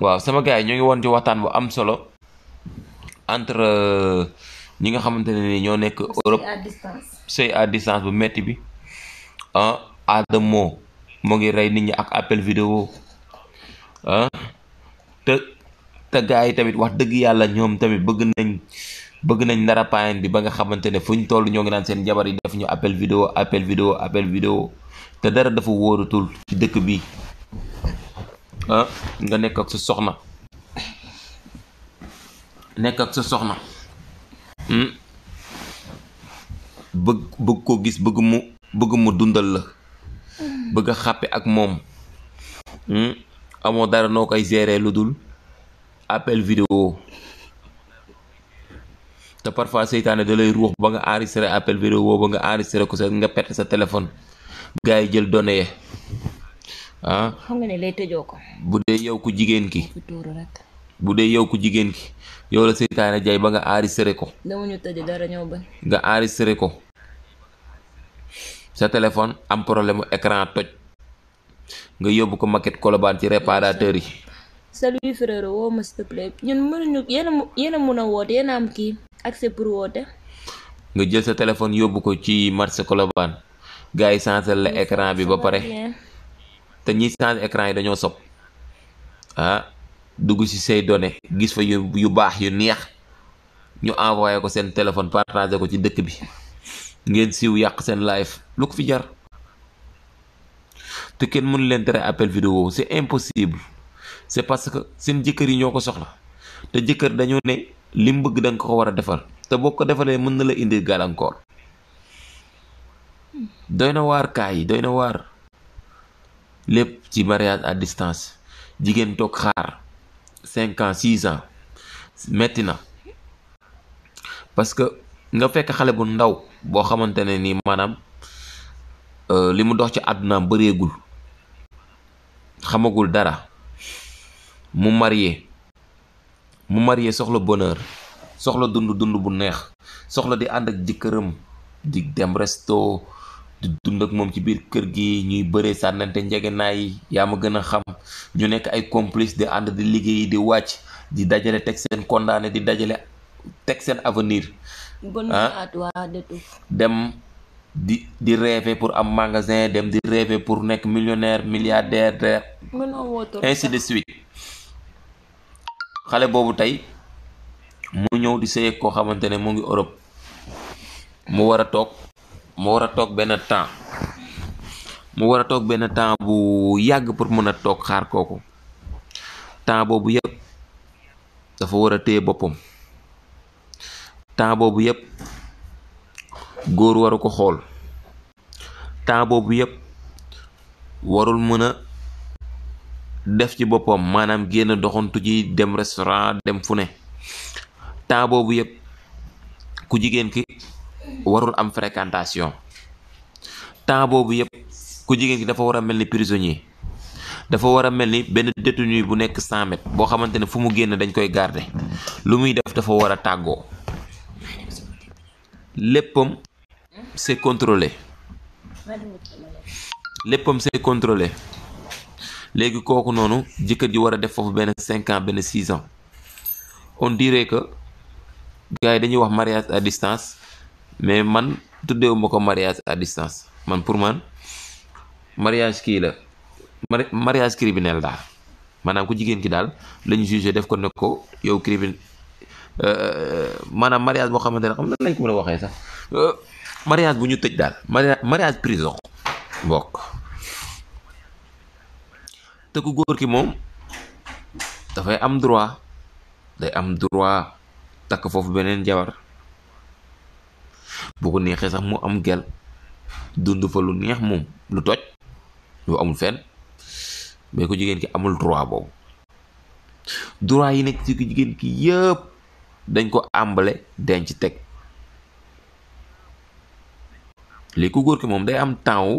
waaw sama gars yi ñoo ngi woon ci waxtaan bu am solo entre euh, ñi nga xamante ne ni ñoo nekk Europe sëy à distance bu metti bi ah Adamo moo ngi rey nit ñi ak appel vidéo ah te te gars yi tamit wax dëgg yàlla ñoom tamit bëgg nañ bëgg nañ narapaayan bi ba nga xamante ne fu ñu toll ñoo ngi naan seen jabar yi def ñu appel vidéo appel vidéo appel vidéo te dara dafa wóorutul ci dëkk bi Ah, nga nekk ak sa soxna nekk ak sa soxna hmm? bëgg bëgg koo gis bëgg mu bëgg mu dundal la bëgg a xàppe ak moom hmm? amoo dara noo koy gérer lu dul appel vidéo te parfois seytaane da ruux ba nga enregistré appel vidéo ba nga enregistré ko sa nga perte sa téléphone gars yi jël données ah. xam nga ne lay tëjoo ko. bu dee yow ku jigéen ki. bu dee yow ku jigéen ki yow la seytaane jay ba nga enregistré ko. dama ñu tëj dara ñëw ba. nga ko sa téléphone am problème mu écran toj nga yóbbu ko maquette kolobaan ci réparateur yi. salut frère woo ma s'il te plaît ñun yéen a a mun a woote yéen am kii accès pour woote. nga jël sa téléphone yóbbu ko ci marché kolobaan gars yi sensé la ecran bi ba pare. te ñi saan écran yi dañoo sob ah dugg ci say données gis fa yu yu baax yu neex ñu envoyé ko seen téléphone partagé ko ci dëkk bi ngeen siiw yàq seen live lu ko fi jar te kenn mënu leen tere appel vidéo c'est impossible c'est parce que seen jëkkër yi ñoo ko soxla te jëkkër dañoo ne li mu bëgg da ko war a defal te boo ko defalee mën na la indi gàllankoor doy na waar kaay doy na waar. lépp ci mariage à distance jigéen toog xaar cinq ans six ans metti na parce que nga fekk xale bu ndaw boo xamante ne ni maanaam euh, li mu dox ci àdduna bëreegul xamagul dara mu marie mu marié soxla bonheur soxla dund dund bu neex soxla di ànd ak jëkkëram di dem resto dund ak moom ci biir kër gi ñuy bëree sànnante njegenaay yaa ma gën a xam ñu nekk ay complice di ànd di liggéey di wàcc di dajale teg seen condamné di dajale teg seen avenir ah. dem di di rêver pour am magasin dem di rêver pour nekk millionnaire milliardaire ainsi de suite xale boobu tey mu ñëw di sëyeeg koo xamante ne mu ngi Europe mu war a toog mu war a toog benn temps mu war a toog benn temps bu yàgg pour mën a toog xaar kooku temps boobu yëpp dafa war a téye boppam temps boobu yëpp góor waru ko xool temps boobu yëpp warul mën a def ci boppam maanaam génn doxantu ji dem restaurant dem fu ne temps boobu yëpp ku jigéen ki warul am fréquentation temps boobu yëpp ku jigéen ki dafa war a mel ni prisonnier dafa war a mel ni benn détenu bu nekk 100 mètres boo xamante ne fu mu génn dañ koy garder lu muy def dafa war a tàggoo léppam c'est contrôlé léppam c'est contrôlé léegi kooku noonu jëkkër ji war a def foofu benn 5 ans benn 6 ans on dirait que yi dañuy wax mariage à distance mais man tuddeewu ma ko mariage à distance man pour man mariage kii la mariage criminel daal maanaam ku jigéen ki daal la ñu def ko ne ko yow criminel euh, maanaam mariage boo xamante ne xam nan lañ ko mën a waxee sax euh, mariage bu ñu tëj daal mariage prison bokk te ku góor ki moom dafay am droit day am droit takk foofu beneen jabar bu ko neexee sax mu am gel dund fa lu neex moom lu toj lu amul fen mais ko jigéen ki amul droit boobu droit yi nekk ci ko jigéen ki yëpp dañ ko àmbale denc teg lii ku góor ki moom day am temps wu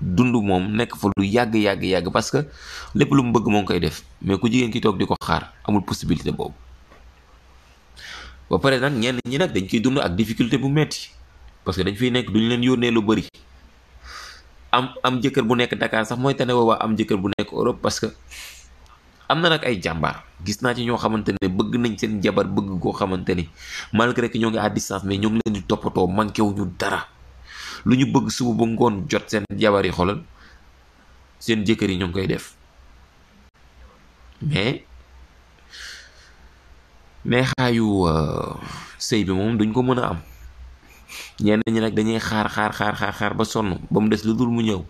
dund moom nekk fa lu yàgg yàgg yàgg parce que lépp lu mu bëgg moo ngi koy def mais ku jigéen ki toog di ko xaar amul possibilité boobu ba pare nag ñenn ñi nag dañ koy dund ak difficulté bu metti parce que dañ fiy nekk duñu leen yónnee lu bëri am am jëkkër bu nekk Dakar sax mooy tane woowaa am jëkkër bu nekk Europe parce que am na nag ay jàmbaar gis naa ci ñoo xamante ne bëgg nañ seen jabar bëgg koo xamante ni malgré que ñoo ngi à distance mais ñoo ngi leen di toppatoo manqué wu ñu dara lu ñu bëgg suba ba ngoon jot seen jabar yi xolal seen jëkkër yi ñoo ngi koy def mais neexaayu euh, sëy bi moom duñ ko mën a am ñenn ñi nag dañuy xaar xaar xaar xaar ba sonn ba mu des lu dul mu ñëw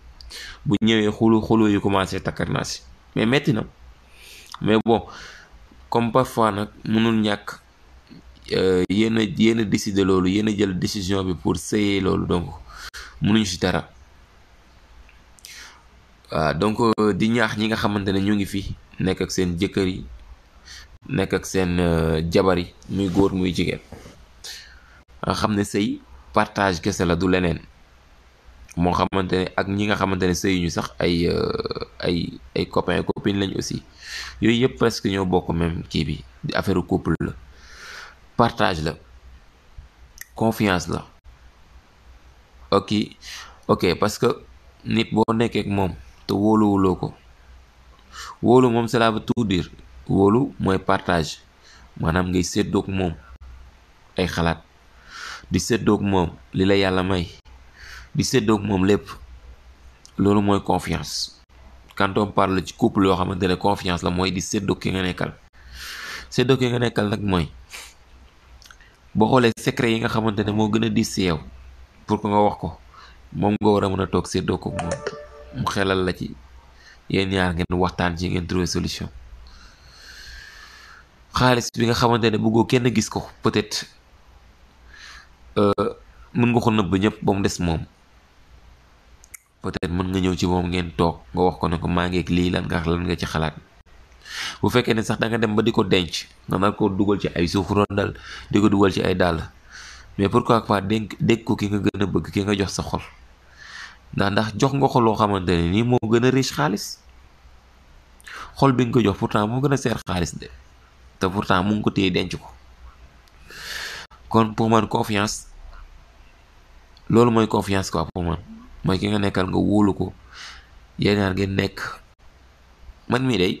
bu ñëwee xulu xulu yu commencé takkar mais metti na mais bon comme parfois nag mënul ñàkk euh, yéen a yéen a loolu yéen a jël décision bi pour sëyee loolu donc mënuñu ci dara waaw donc euh, di ñaax ñi nga xamante ne ñu ngi fii nekk ak seen jëkkër yi nekk ak seen euh, jabar yi muy góor muy jigéen nga xam ne sëy partage kese la du leneen moo xamante ne ak ñi nga xamante ne sëy ñu sax ay euh, ay ay copain lañ aussi yooyu yëpp presque ñoo bokk même kii bi di affaire couple la partage la confiance la oki ok parce que nit boo nekkee ak moom te wóoluwuloo ko wóolu moom cela veut tout dire wóolu mooy partage maanaam ngay séddoog moom ay xalaat di séddoog moom li la yàlla may di séddoog moom lépp loolu mooy confiance quand on parle ci couple yoo xamante ne confiance la mooy di séddoog ki nga nekkal séddoog ki nga nekkal nag mooy boo xoolee secret yi nga xamante ne moo gën a diis si yow pour que nga wax ko moom nga war a mën a toog séddoo ko moom mu xelal la ci yéen ñaar ngeen waxtaan ci ngeen trouver solution xaalis bi nga xamante ne bëggoo kenn gis ko peut-être euh, mën nga ko nëbb ñëpp ba mu des moom peut-être mën nga ñëw ci moom ngeen toog nga wax ko ne ko maa ngeeg lii lan nga lan nga ci xalaat bu fekkee ne sax danga dem ba di ko denc nga nar ko dugal ci ay suuf rondal di ko dugal ci ay dàll mais pourquoi pas dénk dégg ko ki nga gën a bëgg ki nga jox sa xol ndax ndax jox nga ko loo xamante ne nii moo gën a riche xaalis xol bi nga ko jox pourtant moo gën a seer xaalis d te pourtant mu ngi ko téye denc ko kon pour man confiance loolu mooy confiance quoi pour mooy ki nga nekkal nga wóolu ko yéen ñaar nekk man mii day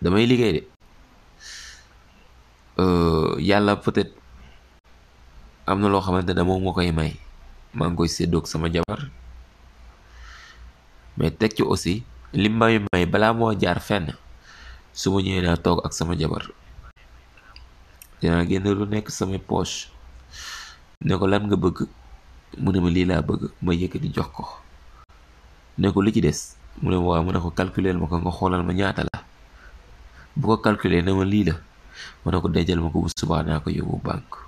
damay liggéey de euh, yàlla peut-être am na loo xamante ne moom moo koy may maa ngi koy séddoog sama jabar mais teg ci aussi li may may balaa moo jaar fenn su ma ñëwee daa toog ak sama jabar dinaa génn lu nekk sama poche ne ko lan nga bëgg mu ne ma lii laa bëgg ma di jox ko ne ko li ci des mu ne ma waaw mu ne ko calculeel ma ko nga xoolal ma ñaata la bu ko calculer ne ma lii la ma ne ko dencal ma ko bu subaa naa ko yóbbu banque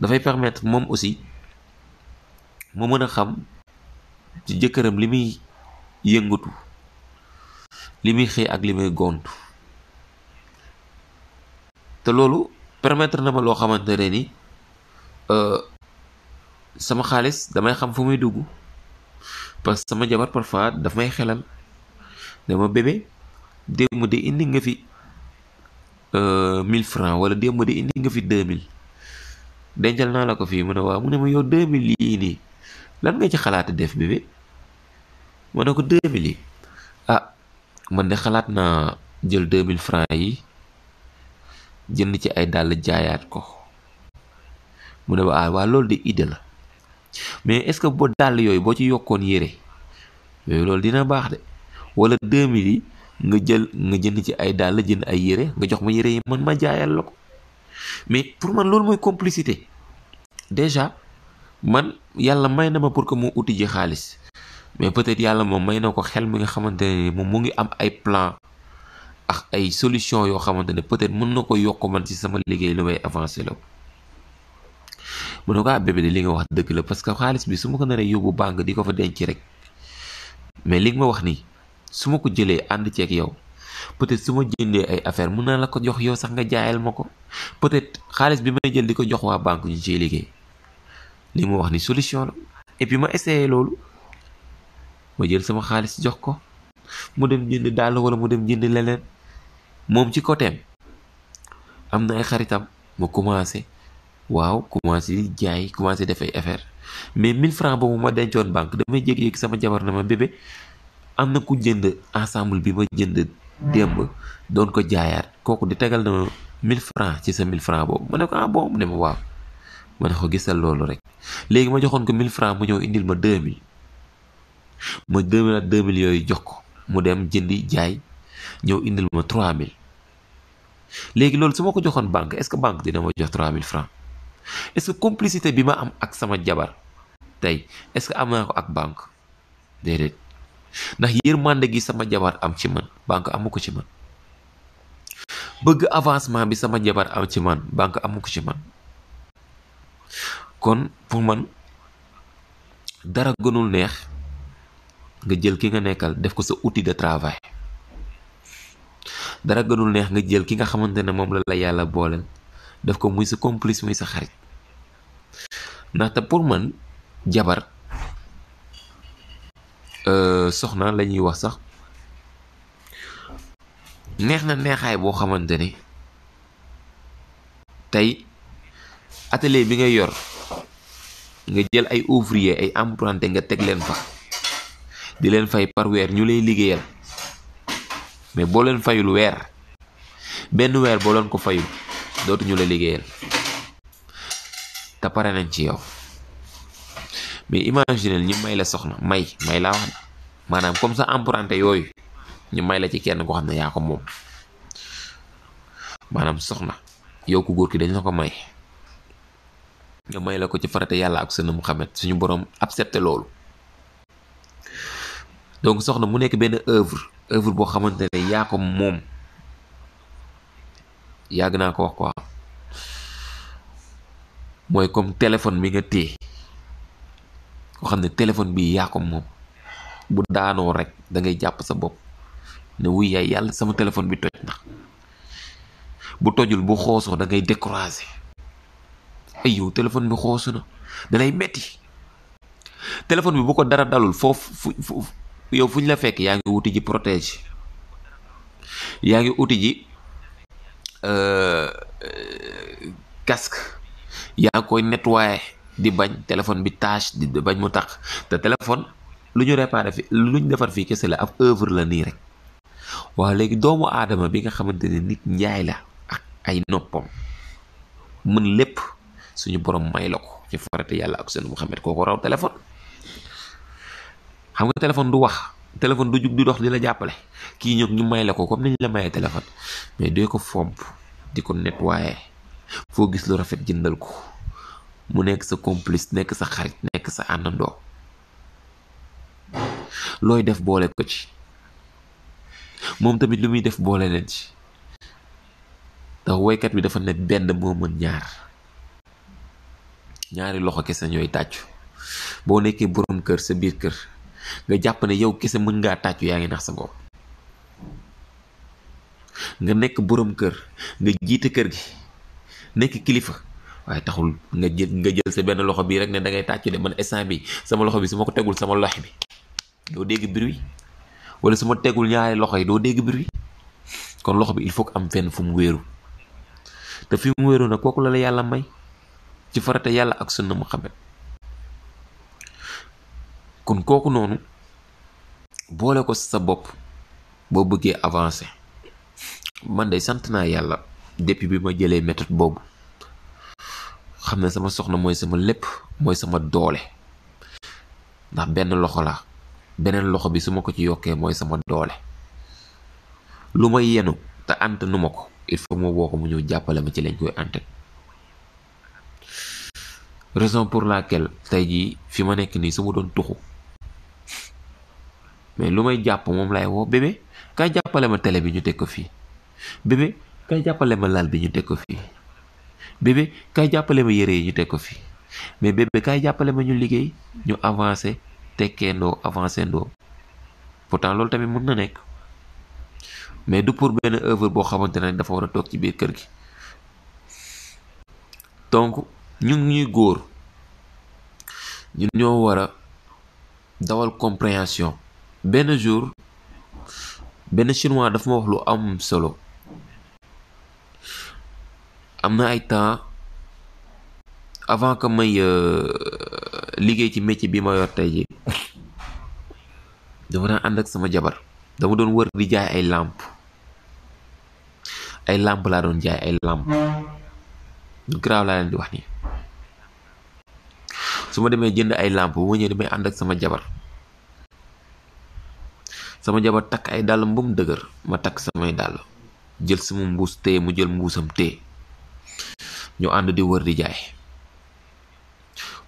dafay permettre moom aussi mu mën a xam ci jëkkëram li muy yëngatu li muy xëy ak li muy gontu te loolu permettre na ma loo xamante ne ni euh, sama xaalis damay xam fu muy dugg parce que sama jabar parfois daf may xelal dama bébé démb di indi nga fi euh, mille francs wala démb di indi nga fi deux mille dencal naa la ko fii mu ne waaw mu ne ma yow deux mille yii nii lan nga ci xalaat def bébé ma ne ko deux mille yi man de xalaat naa jël 2000 francs yi jënd ci ay dàll jaayaat ko mu ne ba ah waa loolu de idée la mais est-ce que boo dàll yooyu boo ci yokkoon yére yooyu loolu dina baax de wala 2000 yi nga jël nga jënd ci ay dàll jënd ay yére nga jox ma yére yi man ma jaayal la ko mais pour man loolu mooy complicité déjà man yàlla may na ma pour que mu uti ji xaalis mais peut-être yàlla moom may na ko xel mi nga xamante ne moom mu ngi am ay plan ak ay solution yoo xamante ne peut-être mën na ko yokk man ci sama liggéey lu may avancé la mu ne ko ah bébé li nga wax dëgg la parce que xaalis bi su ma ko naree yóbbu banque di ko fa denc rek mais li ma wax nii su ma ko jëlee ànd ceeg yow peut-être su ma jëndee ay affaire mën naa la ko jox yow sax nga jaayal ma ko peut-être xaalis bi jël di ko jox waa banque ñu ciy liggéey li mu wax ni solution la et ma essayé loolu ma jël sama xaalis jox ko mu dem jënd dàll wala mu dem jënd leneen moom ci côté am na ay xaritam ma commencé waaw commencé di jaay commencé def ay affaire mais 1000 francs boobu ma dencoon banque damay jékki-jékki sama jabar na ma bébé am na ku jënd ensemble bi ma jënd démb doon ko jaayaat kooku di tegal na ma 1000 francs ci sa mille francs boobu ma ne ko ah bon ne ma waaw ma ne ko gisal loolu rek léegi ma joxoon ko 1000 francs mu ñëw indil ma 2000 ma deux mille ak deux mille yooyu jox ko mu dem jëndi jaay ñëw indil ma trois mille léegi loolu su ma ko joxoon banque est-ce que banque dina ma jox trois mille francs est-ce complicité bi ma am ak sama jabar tey est-ce que am naa ko ak banque déedéet ndax yërmande gi sama jabar am ci man banque amu ko ci man bëgg avancement bi sama jabar am ci man banque amu ko ci man kon pour man dara gënul neex nga jël ki nga nekkal def ko sa outil de travail dara gënul neex nga jël ki nga xamante ne moom la la yàlla booleel def ko muy sa complice muy sa xarit ndaxte pour man jabar euh, soxna la ñuy wax sax neex na neexaay boo xamante ne tey atele bi ngay yor nga jël ay ouvrier ay emprunté nga teg leen fa di leen fay par weer ñu lay liggéeyal mais boo leen fayul weer benn weer boo leen ko fayul dootuñu la liggéeyal te pare nañ ci yow mais imaginel ñi may la soxna may may la wax maanaam comme ça emprunté yooyu ñu may la ci kenn koo xam ne yaa ko moom maanaam soxna yow ko góor ki dañ na ko may nga may la ko ci farata yàlla ak sënam Muhammad suñu borom accepté loolu donc soxna mu nekk benn œuvre œuvre boo xamante ne yaa ko moom yàgg naa ko wax quoi mooy comme téléphone bi nga téye koo xam ne téléphone bi yaa ko moom bu daanoo rek da ngay jàpp sa bopp ne wuy yaay yàlla sama téléphone bi toj na bu tojul bu xoosoo da ngay découragé ay yow téléphone bi xoosu na da lay metti téléphone bi bu ko dara dalul foofu fu yow fu ñu la fekk yaa ngi wuti ji protège yaa ngi wuti ji euh, casque yaa ngi koy nettoyer di bañ téléphone bi tâche di bañ mu tax te téléphone lu ñu réparé fi lu defar fii kese la ab œuvre la nii rek waaw léegi doomu aadama bi nga xamante ne nit njaay la ak ay noppam mën lépp suñu borom may la ko ci farata yàlla ak seen Muhammad koo ko raw téléphone xam nga téléphone du wax téléphone du jub du dox di la jàppale kii ñoo ñu may la ko comme ni ñu la mayee téléphone mais dee ko fomp di ko nettoyer foo gis lu rafet jëndal ko mu nekk sa complice nekk sa xarit nekk sa àndandoo looy def boole ko ci moom tamit lu muy def boole leen ci ndax woykat bi dafa ne benn moo mën ñaar ñaari loxo kese ñooy tàccu boo nekkee boroom kër sa biir kër nga jàpp ne yow kese mën ngaa tàccu yaa ngi nax sa bopp nga nekk boroom kër nga jiite kër gi nekk kilifa waaye taxul nga jël nga jël sa benn loxo bii rek ne da ngay tàccu de man instant bi sama loxo bi su ma ko tegul sama loxo bi doo dégg bruit wala su ma tegul ñaari loxo yi doo dégg bruit kon loxo bi il faut am fenn fu mu wéeru te fi mu wéeru nag kooku la la yàlla may ci farata yàlla ak sunna Muhammad kon kooku noonu boole ko sa bopp boo bëggee avancé man de sant naa yàlla depuis bi ma jëlee méthode boobu xam ne sama soxna mooy sama lépp mooy sama doole ndax benn loxo la beneen loxo bi su ma ko ci yokkee mooy sama doole lu may yenu te nu ma ko il faut moo woo ko mu ñëw jàppale ma ci lañ koy antan raison pour laquelle tey jii fi ma nekk nii su ma doon tuxu mais lu may jàpp moom laay woo bébé kay jàppale ma télé bi ñu teg ko fii bébé kay jàppale ma lal bi ñu teg ko fii bébé kay jàppale ma yére yi ñu teg ko fii mais bébé kay jàppale ma ñu liggéey ñu avancé tekkee ndoo avancé ndoo pourtant loolu tamit mën na nekk mais du pour benn œuvre boo xamante ne dafa war a toog ci biir kër gi donc ñu ñuy góor ñu ñoo war a dawal compréhension benn jour benn chinois dafa ma wax lu am solo am na ay temps avant que may euh, liggéey ci métier bi ma yor tey ji dama daan ànd ak sama jabar dama doon wër di jaay ay làmp ay làmp laa doon jaay ay làmp lu garaaw laa leen di wax nii su ma demee jënd ay làmp bu ma ñëwee damay ànd ak sama jabar sama jabar takk ay dàll ba dëgër ma takk samay dàll jël sama mbuus tee mu jël mbuusam tee ñu ànd di wër di jaay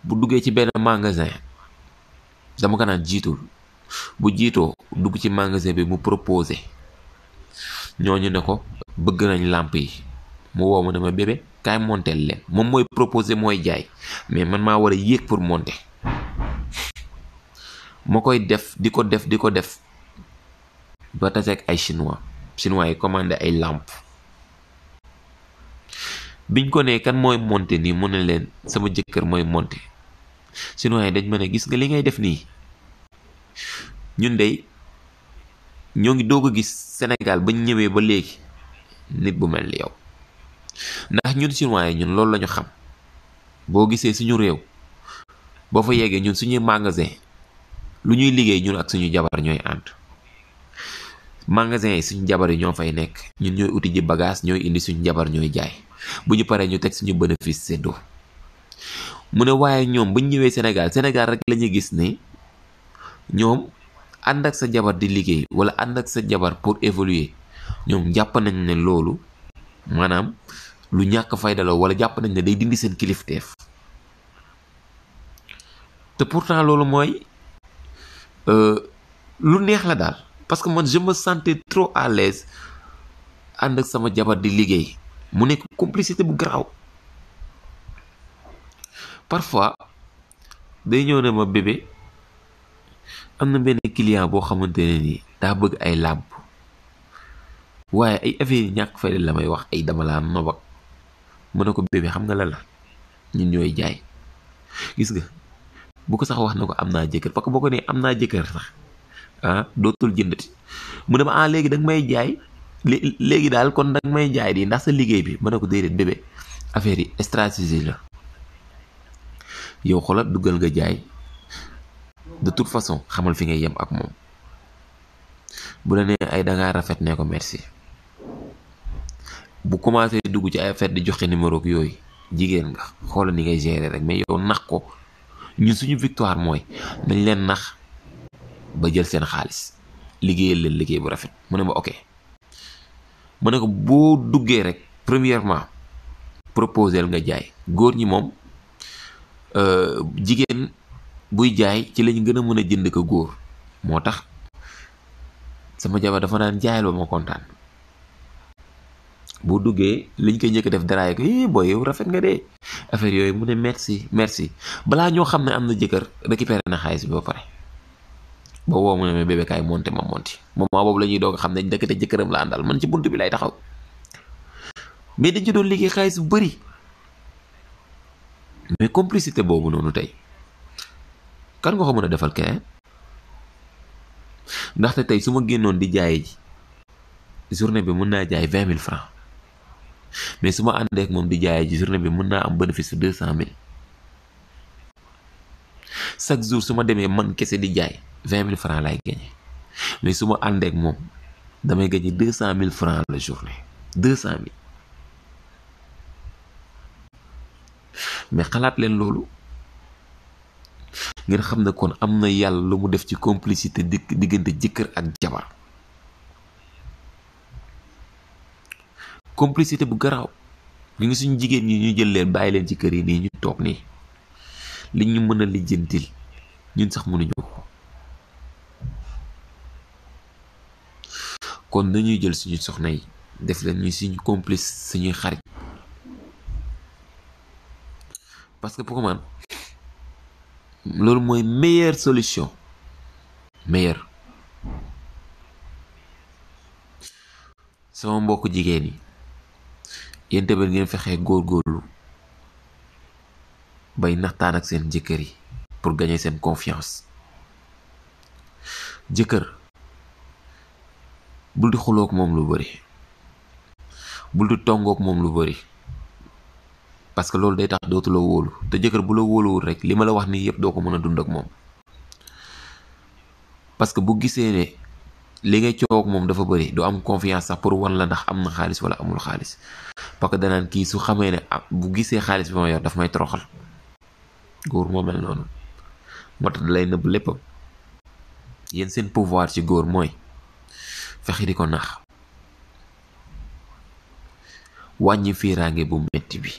bu duggee ci benn magasin dama ko naan jiitul bu jiitoo dugg ci magasin bi mu proposé ñooñu ne ko bëgg nañ làmp yi mu woo ma ne ma bébé kaay monter leen moom mooy proposé mooy jaay mais man maa war a yéeg pour monter ma koy def di ko def di ko def ba taseeg ay chinois chinois yi commandé ay làmp biñ ko nee kan mooy monte nii mu ne leen sama jëkkër mooy monte chinois yi dañ mën a gis nga li ngay def nii ñun dey ñoo ngi doog gis Sénégal ba ñëwee ba léegi nit bu mel ni yow ndax ñun chinois yi ñun loolu lañu xam boo gisee suñu réew boo fa yeggee ñun suñuy magasin lu ñuy liggéey ñun ak suñu jabar ñooy ànd magasin yi suñu jabar yi ñoo fay nekk ñun ñooy uti ji bagage ñooy indi suñu jabar ñooy jaay bu ñu paree ñu teg suñu bénéfice séddoo mu ne waaye ñoom bu ñu ñëwee Sénégal Sénégal rek la ñuy gis ni ñoom ànd ak sa jabar di liggéey wala ànd ak sa jabar pour évoluer ñoom jàpp nañ ne loolu maanaam lu ñàkk faydaloo wala jàpp nañ ne day dindi seen kilifteef te pourtant loolu mooy euh, lu neex la daal. parce que man je me sentais trop à l'aise ànd ak sama jabar di liggéey mu nekk complicité bu garaw parfois day ñëw ne ma bébé am na benn client boo xamante ne nii daa bëgg ay làmp waaye ay affaire yi ñàkk fay la may wax ay dama laa nobak mu ne ko bébé xam nga la la ñun ñooy jaay gis nga bu ko sax wax na ko am naa jëkkër parce que boo ko nee am naa jëkkër sax ah dootul jëndati mu ne ma ah léegi da may jaay léegi daal kon da may jaay di ndax sa liggéey bi ma ne ko déedéet bébé affaire yi stratégie la yow xoola duggal nga jaay de toute façon xamal fi ngay yem ak moom bu la nee ay dangaa rafet ne ko merci bu commencé dugg ci ay affaire di joxe numéro yooyu jigéen nga xoolal ni ngay gérer rek mais yow nax ko ñu suñu victoire mooy dañ leen nax ba jël seen xaalis liggéeyal leen liggéey bu rafet mu ne ma ok mu ne ko boo duggee rek premièrement proposel nga jaay góor ñi moom euh, jigéen buy jaay ci lañ gën a mën a jënd ko góor moo tax sama jabar dafa naan jaayal ba ma kontaan boo duggee liñ koy njëkk def daraay ko eh booy yow rafet nga dee affaire yooyu mu ne merci merci balaa ñoo xam ne am na jëkkër récupéré na xaalis bi ba pare. ba woo mu ne ma bébé kaay monté ma monté moment boobu la ñuy doog a xam ne ndekete jëkkëram la àndal man ci bunt bi lay taxaw mais dañ doon liggéey xaalis bu bëri mais complicité boobu noonu tey kan nga ko mën a defal keneen ndaxte tey su ma génnoon di jaaye ji journée bi mën naa jaay vingt mille francs mais su ma àndee ak moom di jaaye ji journée bi mën naa am bénéfice deux cent mille chaque jour su ma demee man kese di jaay vingt mille francs laay gagné mais suma àndeek moom damay gagné deux cent mille francs la journée deux cent mille mais xalaat leen loolu ngeen xam ne kon am na yàlla lu mu def ci complicité diggante jëkkër ak jabar complicité bu garaaw li nga suñu jigéen ñi ñu jël leen bàyyi leen ci kër yi nii ñu toog nii li ñu mën a lijjantil ñun sax mënuñu ko kon nañuy jël suñu soxna yi def leen ñu suñu complice suñuy xarit parce que pour man loolu mooy meilleure solution meilleure sama mbokk jigéen yi yéen tamit ngeen fexe góorgóorlu bay naxtaan ak seen jëkkër yi pour gagner seen confiance jëkkër bul di xuloog moom lu bëri bul di tongoog moom lu bëri parce que loolu day tax dootu la wóolu te jëkkër bula la wóoluwul rek li ma la wax nii yëpp doo ko mën a dund ak moom parce que bu gisee ne li ngay coow ak moom dafa bëri doo am confiance sax pour wan la ndax am na xaalis wala amul xaalis parce que danaan kii su xamee ne ah, bu gisee xaalis bi ma yor daf may toroxal góor moo mel noonu moo tax dalay nëbb léppam yéen seen pouvoir ci góor mooy fexe di ko nax wàññi fiiraange bu metti bi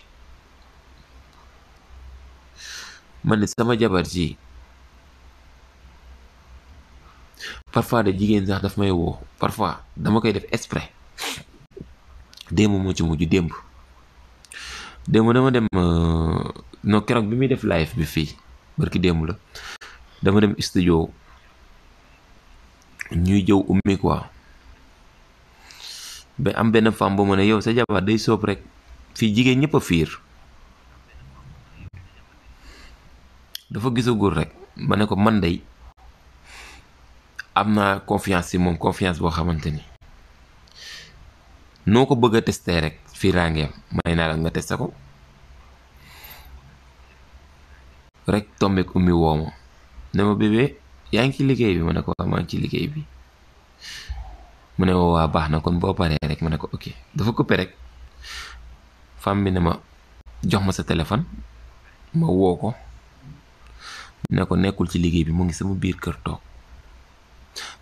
man ne sama jabar ji parfois de jigéen sax daf may woo parfois dama koy def exprès démb moo ci mujj démb démb dama dem euh, non keroog bi muy def live bi fii barki démb la dama dem studio ñuy jëw ummi ba am benn femme bu ma ne yow sa jabar day soob rek fii jigéen ñëpp a fiir dafa gisagul rek ma ne ko man dey am na confiance ci moom confiance boo xamante ni noo ko bëgg a tester rek fii raa may naa la nga tester ko rek tombeek ummi wooma ne ma bébé yaa ngi ci liggéey bi ma ne ko waa maa ngi ci liggéey bi mu ne waa baax na kon boo paree rek ma ne ko ok dafa coupé rek femme bi ne ma jox ma sa téléphone ma woo ko ne ko nekkul ci liggéey bi mu ngi sama biir kër toog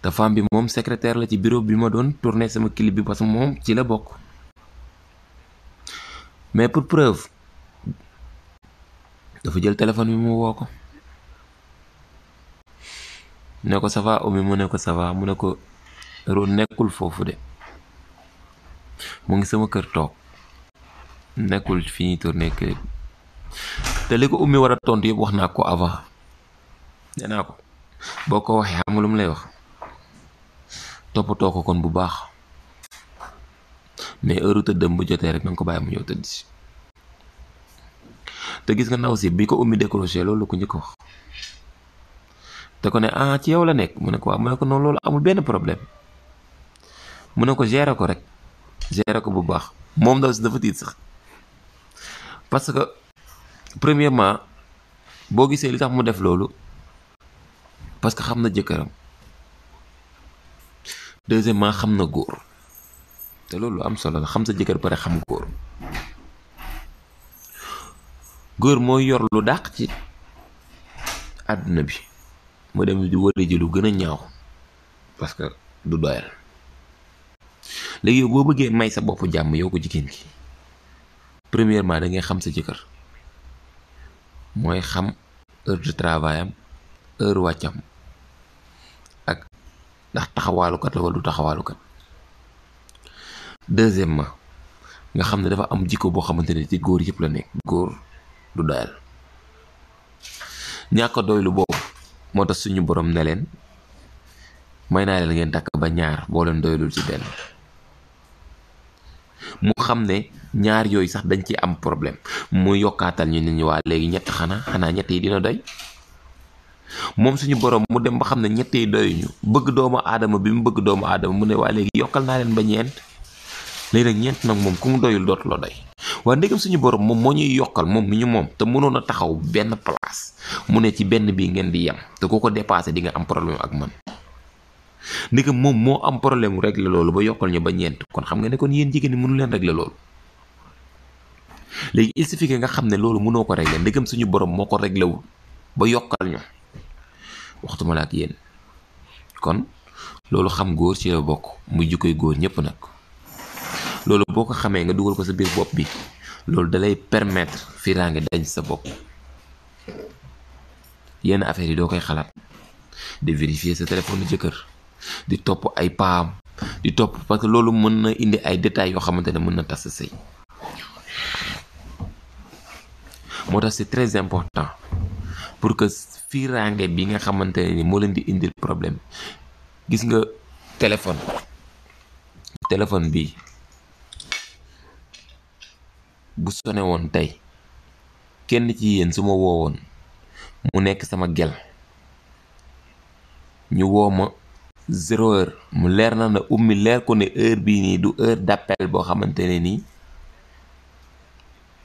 te femme bi moom secretaire la ci bureau bi ma doon tourné sama clip bi parce que moom ci la bokk mais pour preuve dafa jël téléphone bi mu woo ko ne ko ça va mu ne ko ça va mu ne ko Ron nekkul foofu de mu ngi sama kër toog nekkul fi ñuy tourné nekk te li ko Oumy war a tontu yëpp wax naa ko avant nee naa ko boo ko waxee xam nga lu mu lay wax toppatoo ko kon bu baax mais heure tëddam bu jotee rek na nga ko bàyyi mu ñëw tëdd te gis nga ndaw si bi ko ummi décroché loolu ko njëkk wax te ko ne ah ci yow la nekk mu ne ko waaw mu ne ko noonu loolu amul benn problème mu ne ko gérer ko rek gérer ko bu baax moom ndaw si dafa tiit sax parce que premièrement boo gisee li tax mu def loolu parce que xam na jëkkëram deuxièmement xam na góor te loolu am solo la xam sa jëkkër pare xam góor góor mooy yor lu dàq ci àdduna bi moo dem di wër ji lu gën a ñaaw parce que du doyal léegi boo bëggee may sa boppu jàmm yow ko jigéen gi premièrement da ngay xam sa jëkkër mooy xam heure de travail am heure wàccam ak ndax taxawaalukat la wala du taxawaalukat ma nga xam ne dafa am jikko boo xamante ne ci góor yëpp la nekk góor du doyal ñàkk a doylu boobu moo tax suñu borom ne leen may naa leen ngeen takk ba ñaar boo leen doylul ci benn mu xam ne ñaar yooyu sax dañ ci am problème mu yokkaatal ñu ne ñu waa léegi ñett xanaa xanaa ñett yi dina doy moom suñu borom mu dem ba xam ne ñett yi doyuñu bëgg doomu aadama bi mu bëgg doomu aadama mu ne waa léegi yokkal naa leen ba ñeent léegi nag ñeent nag moom ku mu doyul dootu la doy waaye suñu borom moom moo ñuy yokkal moom mi ñu moom te mënoon a taxaw benn mu ne ci benn bii ngeen di yem te ku ko dépassé di nga am problème ak man ndegam moom moo am problème mu réglé loolu ba yokkal ñu ba ñeent kon xam nga ne kon yéen jigéen ñi leen réglé loolu. léegi il nga xam ne loolu mënoo ko réglé ndegam suñu borom moo ko réglé ba yokkal ñu waxtuma la ak yéen kon loolu xam góor ci bokk mu muy jikkoy góor ñëpp nag. loolu boo ko xamee nga dugal ko sa biir bopp bi loolu dalay permettre fiiraange dañ sa bopp yenn affaire yi doo koy xalaat de vérifier sa téléphone jëkkër di topp ay paam di topp parce que loolu mën na indi ay détails yoo xamante ne mën na tas sa sëy moo tax c'est très important pour que fiiraange bi nga xamante ne ni moo leen di indil problème gis nga téléphone téléphone bi bu sone woon tey kenn ci yéen su ma woowoon mu nekk sama gel ñu woo ma zéro heure mu leer na na ummi leer ko ne heure bii nii du heure d'appel boo xamante ne nii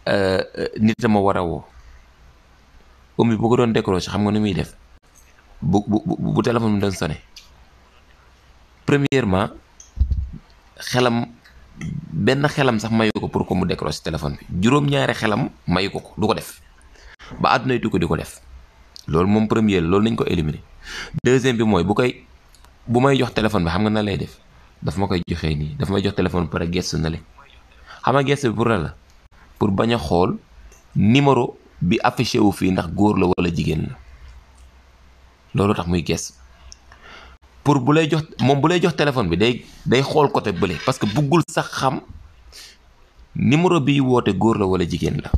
euh, euh, nit ma war a woo ummi bu ko doon décroché xam nga ni muy def bu bu bu téléphone bi doon sone premièrement xelam benn xelam sax mayu ko pour ko mu décroche téléphone bi juróom-ñaari xelam mayu ko ko du ko def ba àdduna tukki di ko def loolu moom premier la loolu nañ ko éliminer deuxième bi mooy bu koy bu may jox téléphone bi xam nga na lay def daf ma koy joxee nii daf may jox téléphone pare gestu na le xam nga gestu bi pour la la pour bañ a xool numéro bi affiché wu fii ndax góor la wala jigéen la loolu tax muy gestu pour bu lay jox moom bu lay jox téléphone bi day day xool côté bële parce que buggul sax xam numéro bi woote góor la wala jigéen la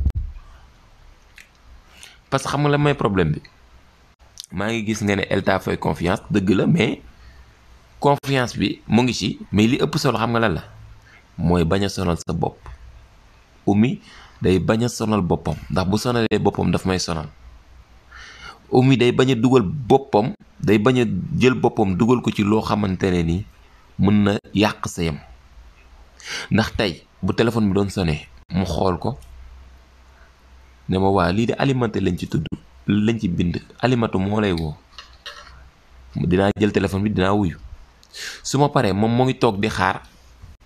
parce que xam nga la may problème bi maa ngi gis nga ne elle t'a fait confiance dëgg la mais confiance bi mu ngi ci mais li ëpp solo xam nga lan la mooy bañ a sonal sa bopp Oumy day bañ a sonal boppam ndax bu sonalee boppam daf may sonal Oumy day bañ a dugal boppam day bañ a jël boppam dugal ko ci loo xamante ne ni mën na yàq sëyam ndax tey bu téléphone bi doon sonné mu xool ko ne ma waa lii de alimenté lañ ci tudd lañ ci bind alimatu moo lay woo dinaa jël téléphone bi dinaa wuyu su ma paree moom moo ngi toog di xaar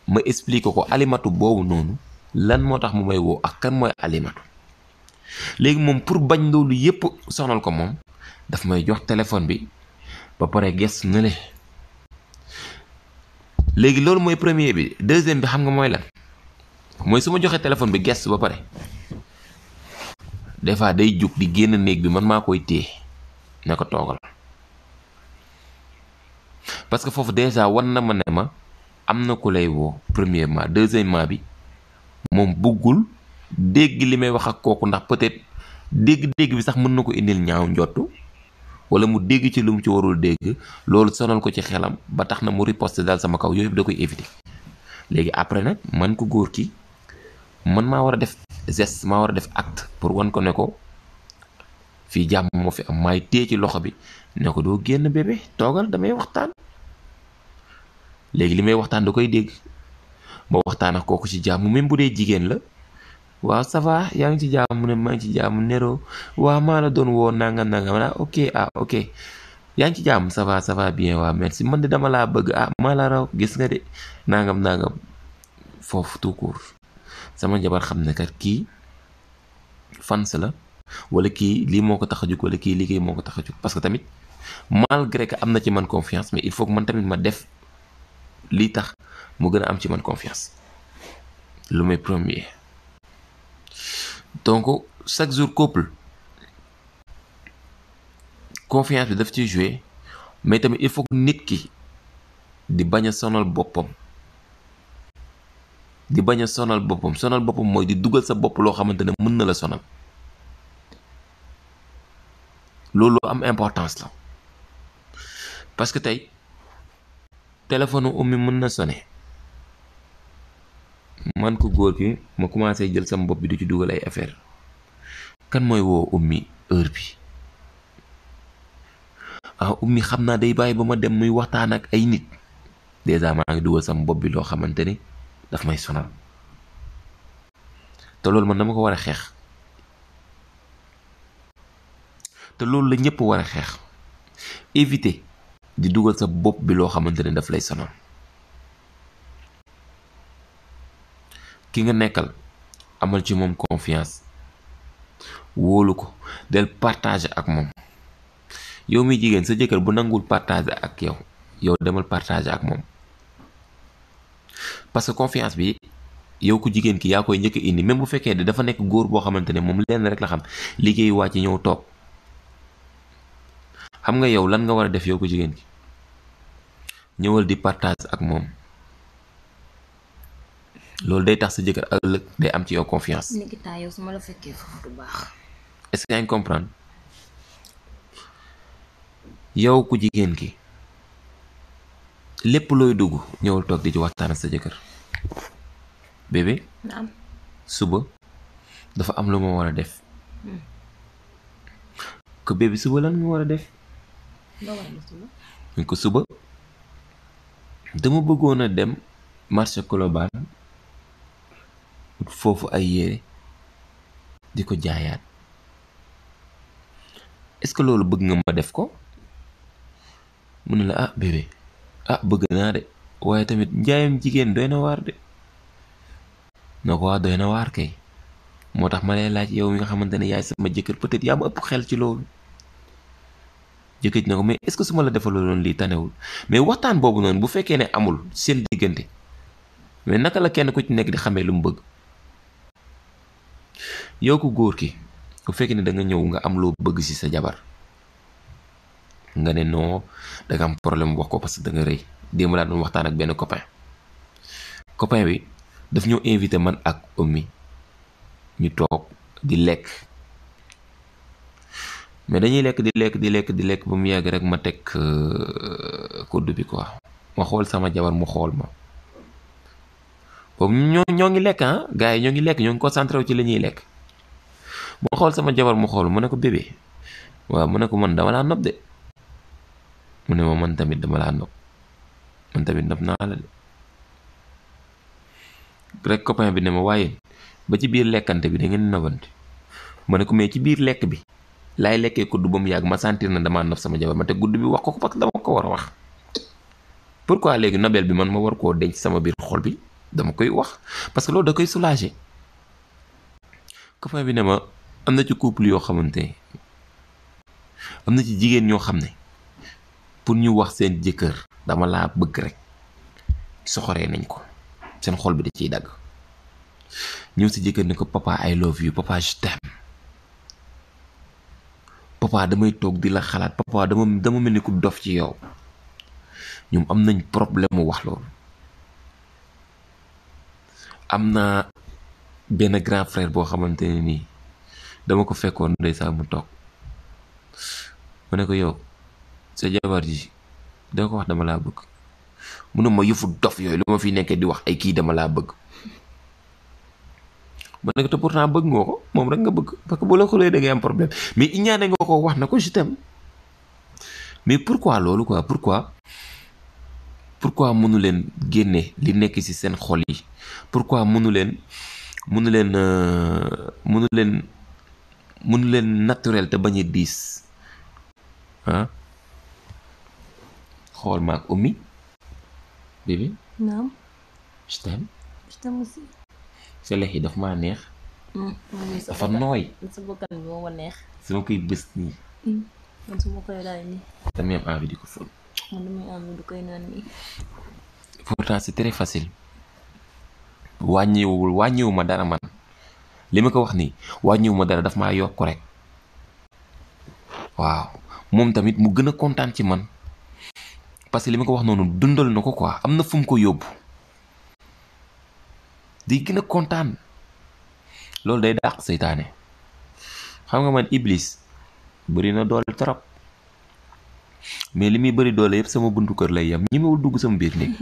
ma expliqué ko alimatu boobu noonu lan moo tax mu may woo ak kan mooy alimatu léegi moom pour bañ loolu yépp sonal ko moom dafa may jox téléphone bi ba pare ges na le léegi loolu mooy premier bi deuxième bi xam nga mooy lan mooy su ma joxee téléphone bi ges ba pare des fois day jug di génn néeg bi man maa koy téye ne ko toogal parce que foofu déjà wan na ma ne ma am na ku lay woo premièrement deuxièmement bi moom bëggul dégg li may wax ak kooku ndax peut-être dégg-dégg bi sax mën na ko indil ñaaw njottu wala mu dégg ci lu mu ci warul dégg loolu sonal ko ci xelam ba tax na mu riposte daal sama kaw yooyu da koy éviter léegi après nag man ko góor ki man maa war a def geste maa war a def acte pour wan ko ne ko fii jàmm moo fi am maay téye ci loxo bi ne ko doo génn bébé toogal damay waxtaan léegi li may waxtaan da koy dégg ma waxtaan ak kooku ci jàmm même bu dee jigéen la waaw ça yaa ngi ci jàmm mu ne maa ngi ci jàmm Nero waaw maa la doon woon nangam nangam ah ok ah yaa ngi ci jàmm ça va bien waaw merci man de dama laa bëgg ah maa la raw gis nga de nangam nangam foofu tout court sama jabar xam ne kat kii fans la wala kii lii moo ko tax a jóg kii liggéey moo ko tax a jóg parce que tamit malgré que am na ci man confiance mais il faut man tamit ma def lii tax mu gën a am ci man confiance lu may premier. donc chaque jour couple confiance bi daf ci joué mais tamit il faut nit ki di bañ a sonal boppam di bañ a sonal boppam sonal boppam mooy di dugal sa bopp loo xamante ne mën na la sonal loolu am importance la parce que tey téléphone ummi mën na sone man ko góor gi ma commencé jël sama bopp bi du ci dugal ay affaire kan mooy woo ummi heure bi ah ummi xam naa day bàyyi ba ma dem muy waxtaan ak ay nit dèjà maa ngi dugal sama bopp bi loo xamante ni daf may sonal te loolu man dama ko war a xeex te loolu la ñëpp war a xeex éviter di dugal sa bopp bi loo xamante ne daf lay sonal. ki nga nekkal amal ci moom confiance wóolu ko del partage ak moom yow mi jigéen sa jëkkër bu nangul partage ak yow yow demal partage ak moom parce que confiance bi yow ku jigéen ki yaa koy njëkk indi même bu fekkee de dafa nekk góor boo xamante ne moom lenn rek la xam liggéeyuwaa ci ñëw toog xam nga yow lan nga war a def yow ku jigéen ki ñëwal di partage ak moom loolu day tax sa jëkkër ëllëg day am ci yow confiance. Nikita yow su ma la fekkee foofu du baax. yow ku jigéen ki lépp looy dugg ñëwal toog di ci waxtaan ak sa jëkkër bébé. suba dafa am lu ma war a def. ko hmm. bébé suba lan nga war a def. ko suba dama bëggoon a dem marché colobal foofu ay yére di ko jaayaat est-ce que loolu bëgg nga ma def ko mu ne la ah bébé ah bëgg naa de waaye tamit njaayam jigéen doy na waar de na ko waa ah, doy na waar kay moo tax ma lay laaj yow mi nga xamante ne yaay sama jëkkër peut-être yaa ma ëpp xel ci loolu jëkkër na ko mais est-ce que su ma la lii tanewul mais waxtaan boobu noonu bu fekkee ne amul seen diggante mais naka la kenn ku ci nekk di xamee lu mu bëgg yow ko góor ki bu fekkee ne da nga ñëw nga am loo bëgg ci sa jabar nga ne non da nga am problème wax ko parce que da nga rëy démb laa waxtaan ak benn copain copain bi daf ñoo invité man ak Oumy ñu toog di lekk mais dañuy lekk di lekk di lekk di lekk ba mu yàgg rek ma teg kuddu euh, bi quoi ma xool sama jabar mu xool ma boobu ñoo ñoo ngi lekk ah gars yi ñoo ngi lekk ñoo ngi concentré wu ci li ñuy lekk. moo xool sama jabar mu xool mu ne ko bébé waaw mu ne ko man dama laa nopp de mu ne ma man tamit dama laa nopp man tamit nopp naa la de rek copain bi ne ma waaye ba ci biir lekkante bi da ngeen nobante ma ne ko mais ci biir bi laay lekkee kudd ba mu yàgg ma sentir na damaa sama jabar ma te gudd bi wax ko ko parce que dama ko war a wax pourquoi léegi nobel bi man ma war koo denc sama biir xol bi dama koy wax parce que loolu da koy soulager copain bi ne ma am na ci couple yoo xamante am na ci jigéen ñoo xam ne pour ñu wax seen jëkkër dama laa bëgg rek soxoree nañ ko seen xool bi da ciy dagg ñëw si jëkkër ne ko papa I love you papa je t'aime papa damay toog di la xalaat papa dama dama mel ni ku dof ci yow ñoom am nañ problème mu wax loolu am na benn grand frère boo xamante ne nii dama ko fekkoon ndeysaan mu toog ma ne ko yow sa jabar ji da ko wax dama laa bëgg mu ne ma yëfu dof yooyu lu ma fi nekkee di wax ay kii dama laa bëgg ma ne ko te pourtant bëgg ngoo ko moom rek nga bëgg parce que boo la xoolee da ngay am problème mais iñaane nga ko wax na ko je t'aime pour quoi loolu quoi pourquoi pourquoi mënu leen génne li nekk ci seen xol yi pourquoi mënu leen mënu leen euh, mënu leen mënu leen naturel te bañ biis diis xool maak ummi bébé naam je sa lex neex hmm, dafa nooy sa bakkan su ma koy bés nii su ma koy daal nii damay am envie di ko fóon koy naan nii pourtant c'est très facile wàññiwu ma dara man li ma ko wax nii wàññiwu ma dara daf maa yokk rek waaw moom tamit mu gën a kontaan ci man parce que li ma ko wax noonu dundal na ko ko am na fu mu ko yóbbu di gën a kontaan loolu day dàq seytaane xam nga man iblis bëri na doole trop mais li muy bëri doole yëpp sama buntu kër lay yam ñi mawul dugg sama biir néeg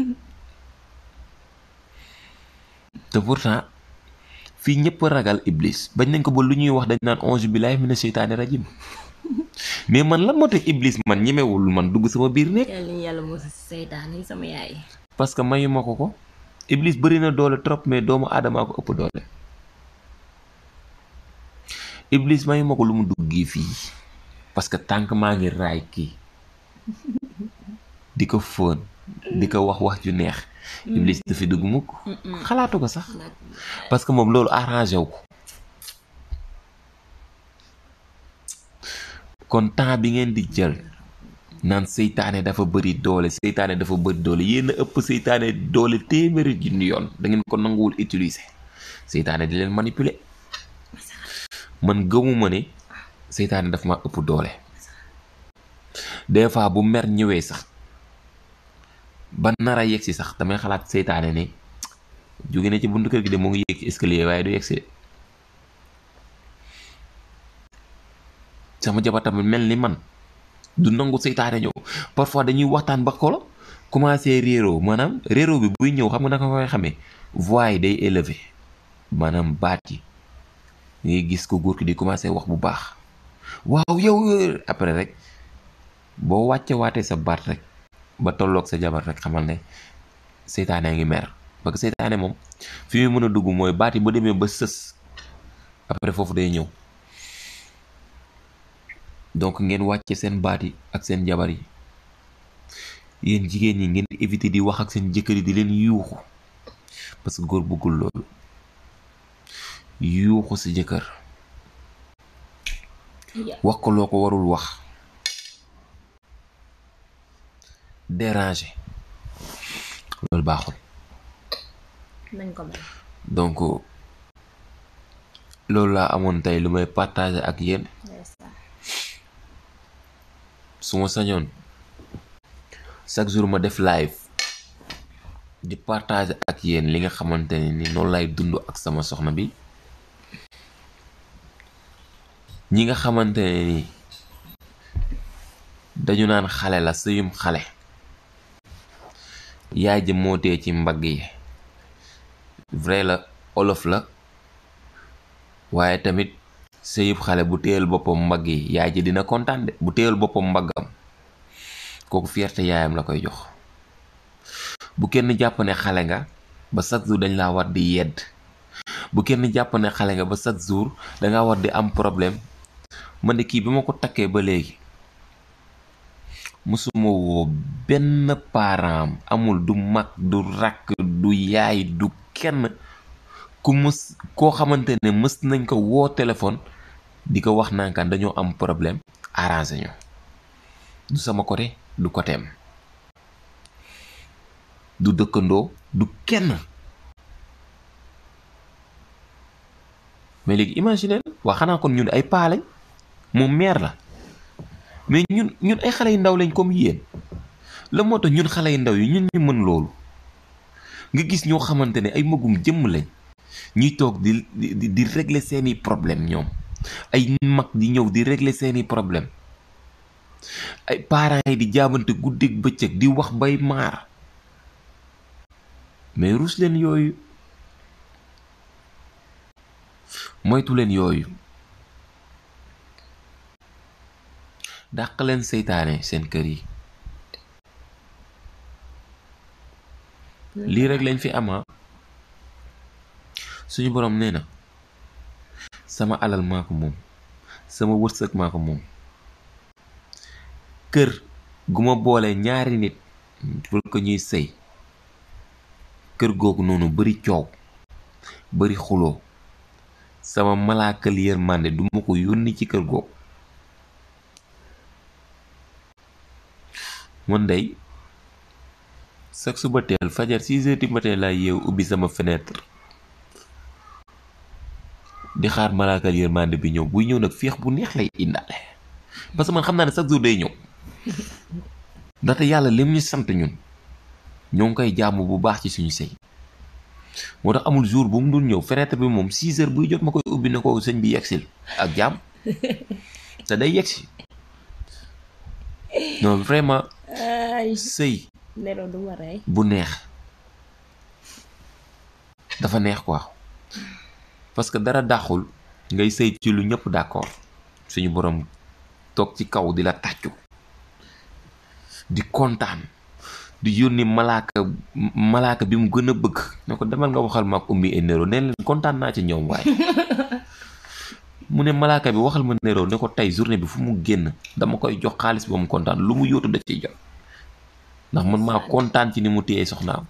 te pourtant fii ñëpp ragal iblis bañ nañ ko ba lu ñuy wax dañ naan onge billahi mina seytaane rajim mais man la moo tax iblis man ñemewul man dugg sama biir nekk. yàlla seytaane sama parce que mayuma ko ko iblis bëri na doole trop mais doomu aadamaa ko ëpp doole. iblis mayuma ko lu mu dugg fii parce que tànk maa ngi raay kii di ko fóon di ko wax wax ju neex. Iblis du dugg mukk xalaatu ko sax parce que moom loolu arrangé wu ko kon temps bi ngeen di jël naan seytaane dafa bëri doole seytaane dafa bëri doole yéen a ëpp seytaane doole téeméeri junni yoon da ngeen ko nanguwul utilise seytaane di leen manipuler man gëmuma ni seytaane dafa ma ëpp doole des bu mer ñëwee sax ba nara a si sax damay xalaat seytaane ni jóge na ci buntu kër gi de mu ngi yegg escalier waaye du yegg de sama jabar tamit mel ni man du nangu seytaane ñëw parfois dañuy waxtaan ba kolo commencé réeroo maanaam réero bi buy ñëw xam nga naka koy xamee voix yi day élevé maanaam baat yi ngay gis ko góor ki di commencé wax bu baax waaw yow après rek boo wàcce waatee sa baat rek ba tolloog sa jabar rek xamal ne seytaane ngi mer parce que seytaane moom fi muy mën a dugg mooy baat yi ba demee ba sës après foofu day ñëw donc ngeen wàcce seen baat yi ak seen jabar yi yéen jigéen ñi ngeen éviter di wax ak seen jëkkër yi di leen yuuxu parce que góor bëggul loolu yuuxu sa jëkkër wax ko loo ko warul wax déranger loolu baaxul. nañ loolu laa amoon tey lu may partager ak yéen. su ma sañoon chaque jour ma def live di partage ak yéen li nga xamante ne ni noonu lay dund ak sama soxna bi ñi nga xamante ne ni dañu naan xale la sëyum xale. yaay ja moo tee ci mbagg yi vrai la olof la waaye tamit sëyub xale bu téyal boppam mbagg yi yaay ji dina kontaan de bu téyal boppam mbaggam kooku fierté yaayam la koy jox bu kenn jàpp ne xale nga ba chaque jour dañ la war di yedd bu kenn jàpp ne xale nga ba chaque jours danga war di am problème man de kii bi ma ko takkee ba léegi mësuma woo benn parent amul du mag du rakk du yaay du kenn ku mës koo xamante ne mës nañ ko woo téléphone di ko wax naankaan dañoo am problème arrangé ñu du sama côté du côtéem du dëkkandoo du kenn mais léegi imagine waa xanaa kon ñun ay paa lañ moom meer la mais ñun ñun ay xale yu ndaw lañ comme yéen la moo tax ñun xale yu ndaw yi ñun ñu mën loolu nga gis ñoo xamante ne ay magum jëmm lañ ñuy toog di di di régler seeni problème ñoom ay mag di ñëw di régle seeni problème ay parents yi di jaabante guddeeg bëccëg di wax bay maar mais rus leen yooyu moytu leen yooyu dàq leen seytaane seen kër yi lii rek lañ fi ama ah. suñu boroom nee na sama alal maa ko moom sama wërsëg maa ko moom kër gu ma boole ñaari nit pour que ñuy sëy kër googu noonu bari coow bari xuloo sama malaakal yërmande duma ko yónni ci kër googu man day sax suba teel fajar six heures du matin yeewu ubbi sama fenêtre di xaar malaakal yërmande bi ñëw buy ñëw nag féex bu neex lay indaale parce que man xam naa ne chaque jour day ñëw ndaxte yàlla lim ñu sant ñun ñoo ngi koy jaamu bu baax ci suñu sëy moo tax amul jour bu mu dul ñëw fenêtre bi moom six heures buy jot ma koy ubbi na koo sëñ bi yeggsil ak jaam te day yeggsi non vraiment sëy bu neex dafa neex ko parce que dara dàqul ngay sëy ci lu ñëpp d'accord suñu boroom toog ci kaw di la tàccu di kontaan di yónni malaaka malaaka bi mu gën a bëgg ne ko demal nga waxal ma ummi énéro neen leen kontaan naa ci ñoom waaye mu ne malaaka bi waxal ma Néro ne ko tey journée bi fu mu génn dama koy jox xaalis ba mu kontaan lu mu yóotu da ciy jot ndax man maa kontaan ci ni mu téye soxnaam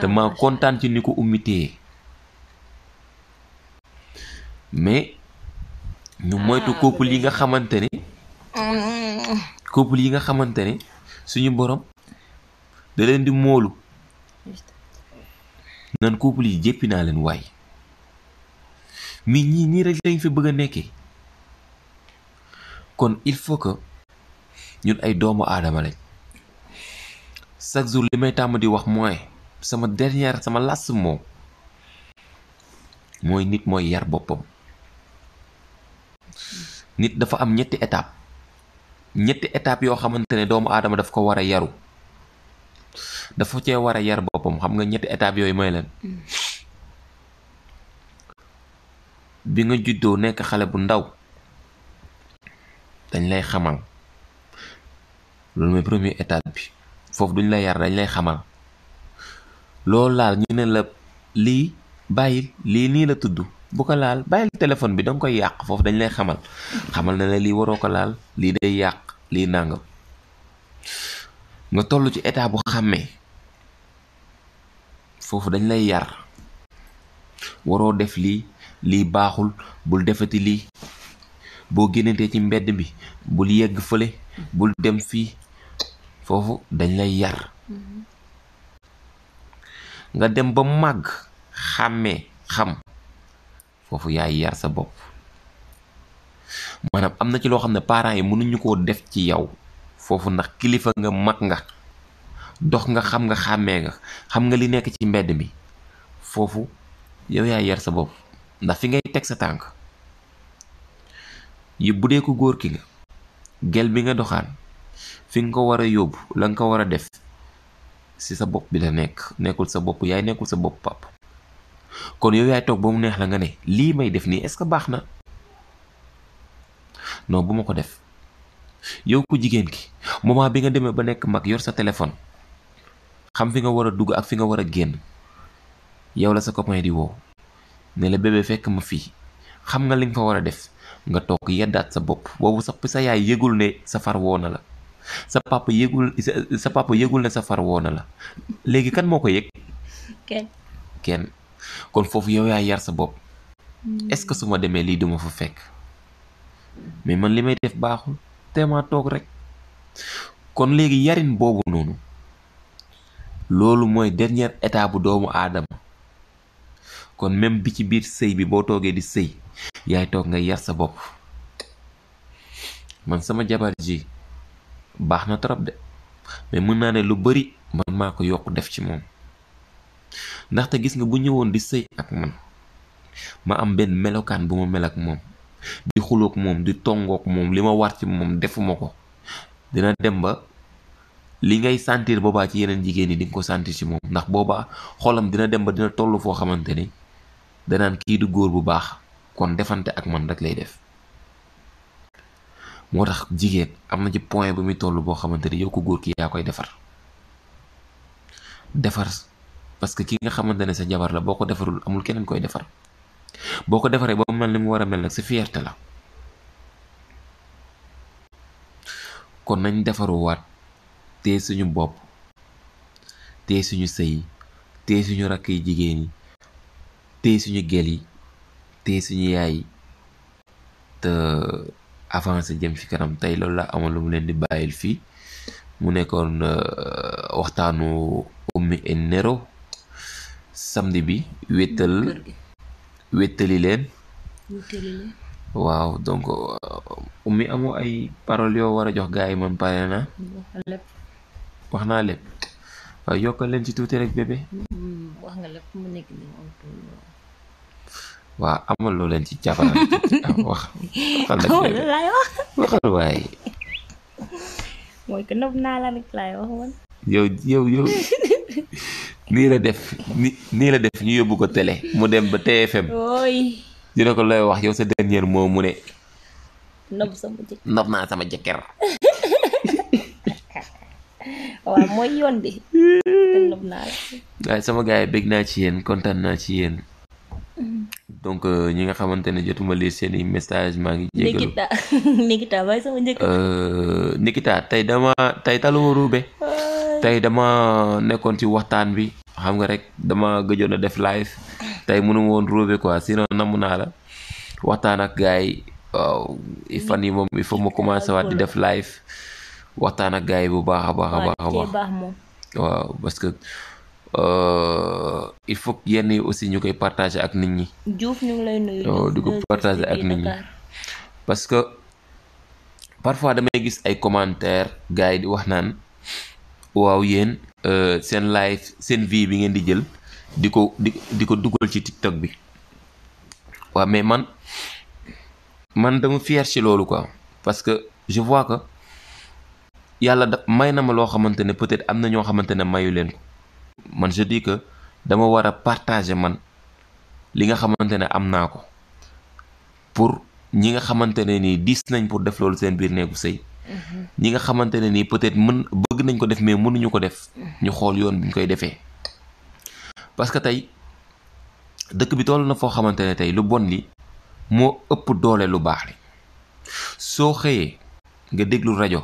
te ah, maa kontaan ci ni ko ummi téye mais ñu ah, moytu couple yi nga xamante ne mm. couple yi nga xamante ne suñu borom da di moolu nan couple yi jéppi naa leen waay mais ñii nii rek lañ fi bëgg a nekkee kon il faut que ñun ay doomu aadama lañ chaque jour li may tàmm di wax mooy sama dernière sama last moom mooy nit mooy yar boppam nit dafa am ñetti étape ñetti étape yoo xamante ne doomu aadama daf ko war a yaru dafa cee war a yar boppam xam nga ñetti étape yooyu mooy leen mm. bi nga juddoo nekk xale bu ndaw dañ lay xamal loolu mooy première étape bi foofu duñ lay yar dañ lay xamal loolu laal ñu ne la lii bàyyil lii nii la tudd bu ko laal bàyyil téléphone bi danga koy yàq foofu dañ lay xamal xamal na la lii waroo ko laal lii day yàq lii nàngam nga toll ci état bu xàmmee foofu dañ lay yar waroo def lii lii baaxul bul defati lii boo génnantee ci mbedd mi bul yegg fële bul dem fii foofu dañ lay yar nga dem ba màgg xàmmee xam foofu yaay yar sa bopp maanaam am na ci loo xam ne parents yi mënuñu koo def ci yow foofu ndax kilifa nga mag nga dox nga xam nga xàmmee nga xam nga li nekk ci mbedd mi foofu yow yaay yar sa bopp ndax fi ngay teg sa tànk yi bu dee ko góor ki nga gel bi nga doxaan fi nga ko war a yóbbu la nga ko war a def ci sa bopp bi la nekk nekkul sa bopp yaay nekkul sa bopp pap kon yow yaay toog ba mu neex la nga ne lii may def nii est-ce que baax na noo bu ma ko def yow ko jigéen ki moment bi nga demee ba nekk mag yor sa téléphone xam fi nga war a dugg ak fi nga war a génn yow la sa copain di woo ne la bébé fekk ma fii xam nga li nga fa war a def nga toog yeddaat sa bopp boobu sax sa yaay yëgul ne sa far woo la sa papa yëgul sa papa yëgul ne safar woona la léegi kan moo ko yëg. kenn kon foofu yow yaa yar sa bopp. Hmm. est-ce que su ma demee lii duma fu fekk mais man li may def baaxul te ma toog rek kon léegi yarin boobu noonu loolu mooy dernière étape bu doomu aadama kon même bi ci biir sëy bi boo toogee di sëy yaay toog ngay yar sa bopp man sama jabar ji baax na trop de mais mën naa ne lu bari man maa ko yokk def ci moom ndaxte gis nga bu ñëwoon di sëy ak man ma am benn melokaan bu ma mel ak moom di xuloog moom di tongook moom li ma war ci moom defuma ko dina dem ba li ngay santiir boobaa ci yeneen jigéen ñi di ko sentir ci moom ndax boobaa xolam dina dem ba dina toll foo xamante ni danaan kii du góor bu baax kon defante ak man rek lay def moo tax jigéen am na ci point bu muy toll boo xamante ni yow ko góor ki yaa koy defar defar parce que ki nga xamante ne sa jabar la boo ko defarul amul keneen koy defar boo ko defaree ba mu man ni mu war a mel nag sa fierté la kon nañ defaruwaat te suñu bopp te suñu sëy te suñu rakk yi jigéen yi téye suñu gel yi téye suñu yaay yi te avancé jëm fi kanam tey loolu la amoon lu mu leen di bàyyil fii mu nekkoon euh, waxtaanu Oumy et Nero samedi bi wéttal leen waaw donc euh, Oumy amoo ay paroles yoo war a jox gars yi man pare na wax naa lépp waaw yokkal leen ci tuuti rek bébé mm-hmm. wax nga lépp mu nekk nii moom loo leen ci jafaram ah, wax waxal waaye mooy ko nëb naa la rek laay wax man yow yow nii la def ni nii la def ñu yóbbu ko télé mu dem ba TFM ñu ne ko looy wax yow sa dernier mot mu ne nob sama jëkkër nob mooy yoon bi waaye sama gars yi bég naa ci yéen kontaan naa ci yéen. Mm. donc euh, ñi nga xamante ne jotuma lire seen i message maa ngi. jégalu Nikita euh, Nikita tey dama tey taluma ruube. tey dama nekkoon ci waxtaan bi. xam nga rek dama gëjoon a def live. tey mënu woon ruube quoi sinon namu naa la waxtaan ak gaay yi waaw fan yi moom il faut ma commencé waat di def live waxtaan ak gaay yi bu baax a baax a baax a baax. waaw parce que euh, il faut yenn yi aussi ñu koy partager ak nit ñi. Diouf ñu ngi oh, ak nit ñi parce que parfois damay gis ay commentaires gars yi di wax naan waaw yéen euh, seen live seen vie bi ngeen di jël di ko di di ko dugal ci TikTok bi waaw mais man man dama fier ci loolu quoi parce que je vois que. yàlla da may na ma loo xamante ne peut-être am na ñoo xamante ne mayu leen ko man je dis que dama war a partager man li nga xamante ne am naa ko pour ñi nga xamante ne nii diis nañ pour def loolu seen biir néegu sëy mm-hmm. ñi nga xamante ne nii peut-être mën bëgg nañ ko def mais mënuñu ko def mm-hmm. ñu xool yoon bi ñu koy defee parce que tey dëkk bi toll na foo xamante ne tey lu bon li moo ëpp doole lu baax li soo xëyee nga déglu rajo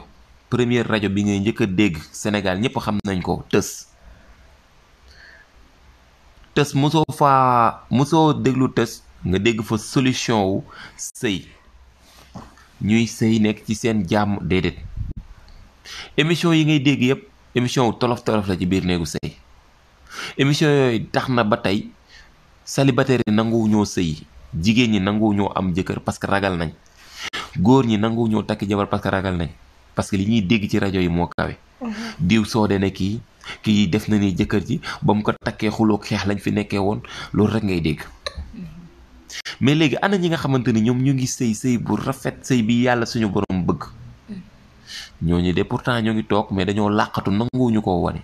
première rajo bi ngay njëkk a dégg Sénégal ñëpp xam nañ ko tës tës mosoo faa mosoo déglu tës nga dégg fa solution wu sëy ñuy sëy nekk ci seen jàmm déedéet émission yi ngay dégg yëpp émission wu tolof tolof la ci biir néegu sëy émission yooyu tax na ba tey célibataire yi nanguwu ñoo sëy jigéen ñi nanguwu ñoo am jëkkër parce que ragal nañ góor ñi nanguwu ñoo takk jabar parce ragal nañ parce que li ñuy dégg ci rajo yi moo kawe diw soo soode ne kii kii def na ni jëkkër ji ba mu ko takkee xuloo xeex lañ fi nekkee woon loolu rek ngay dégg mais léegi ana ñi nga xamante ni ñoom ñu ngi sëy sëy bu rafet sëy bi yàlla suñu borom bëgg ñooñu de pourtant ñoo ngi toog mais dañoo làqatu nanguwuñu ko wane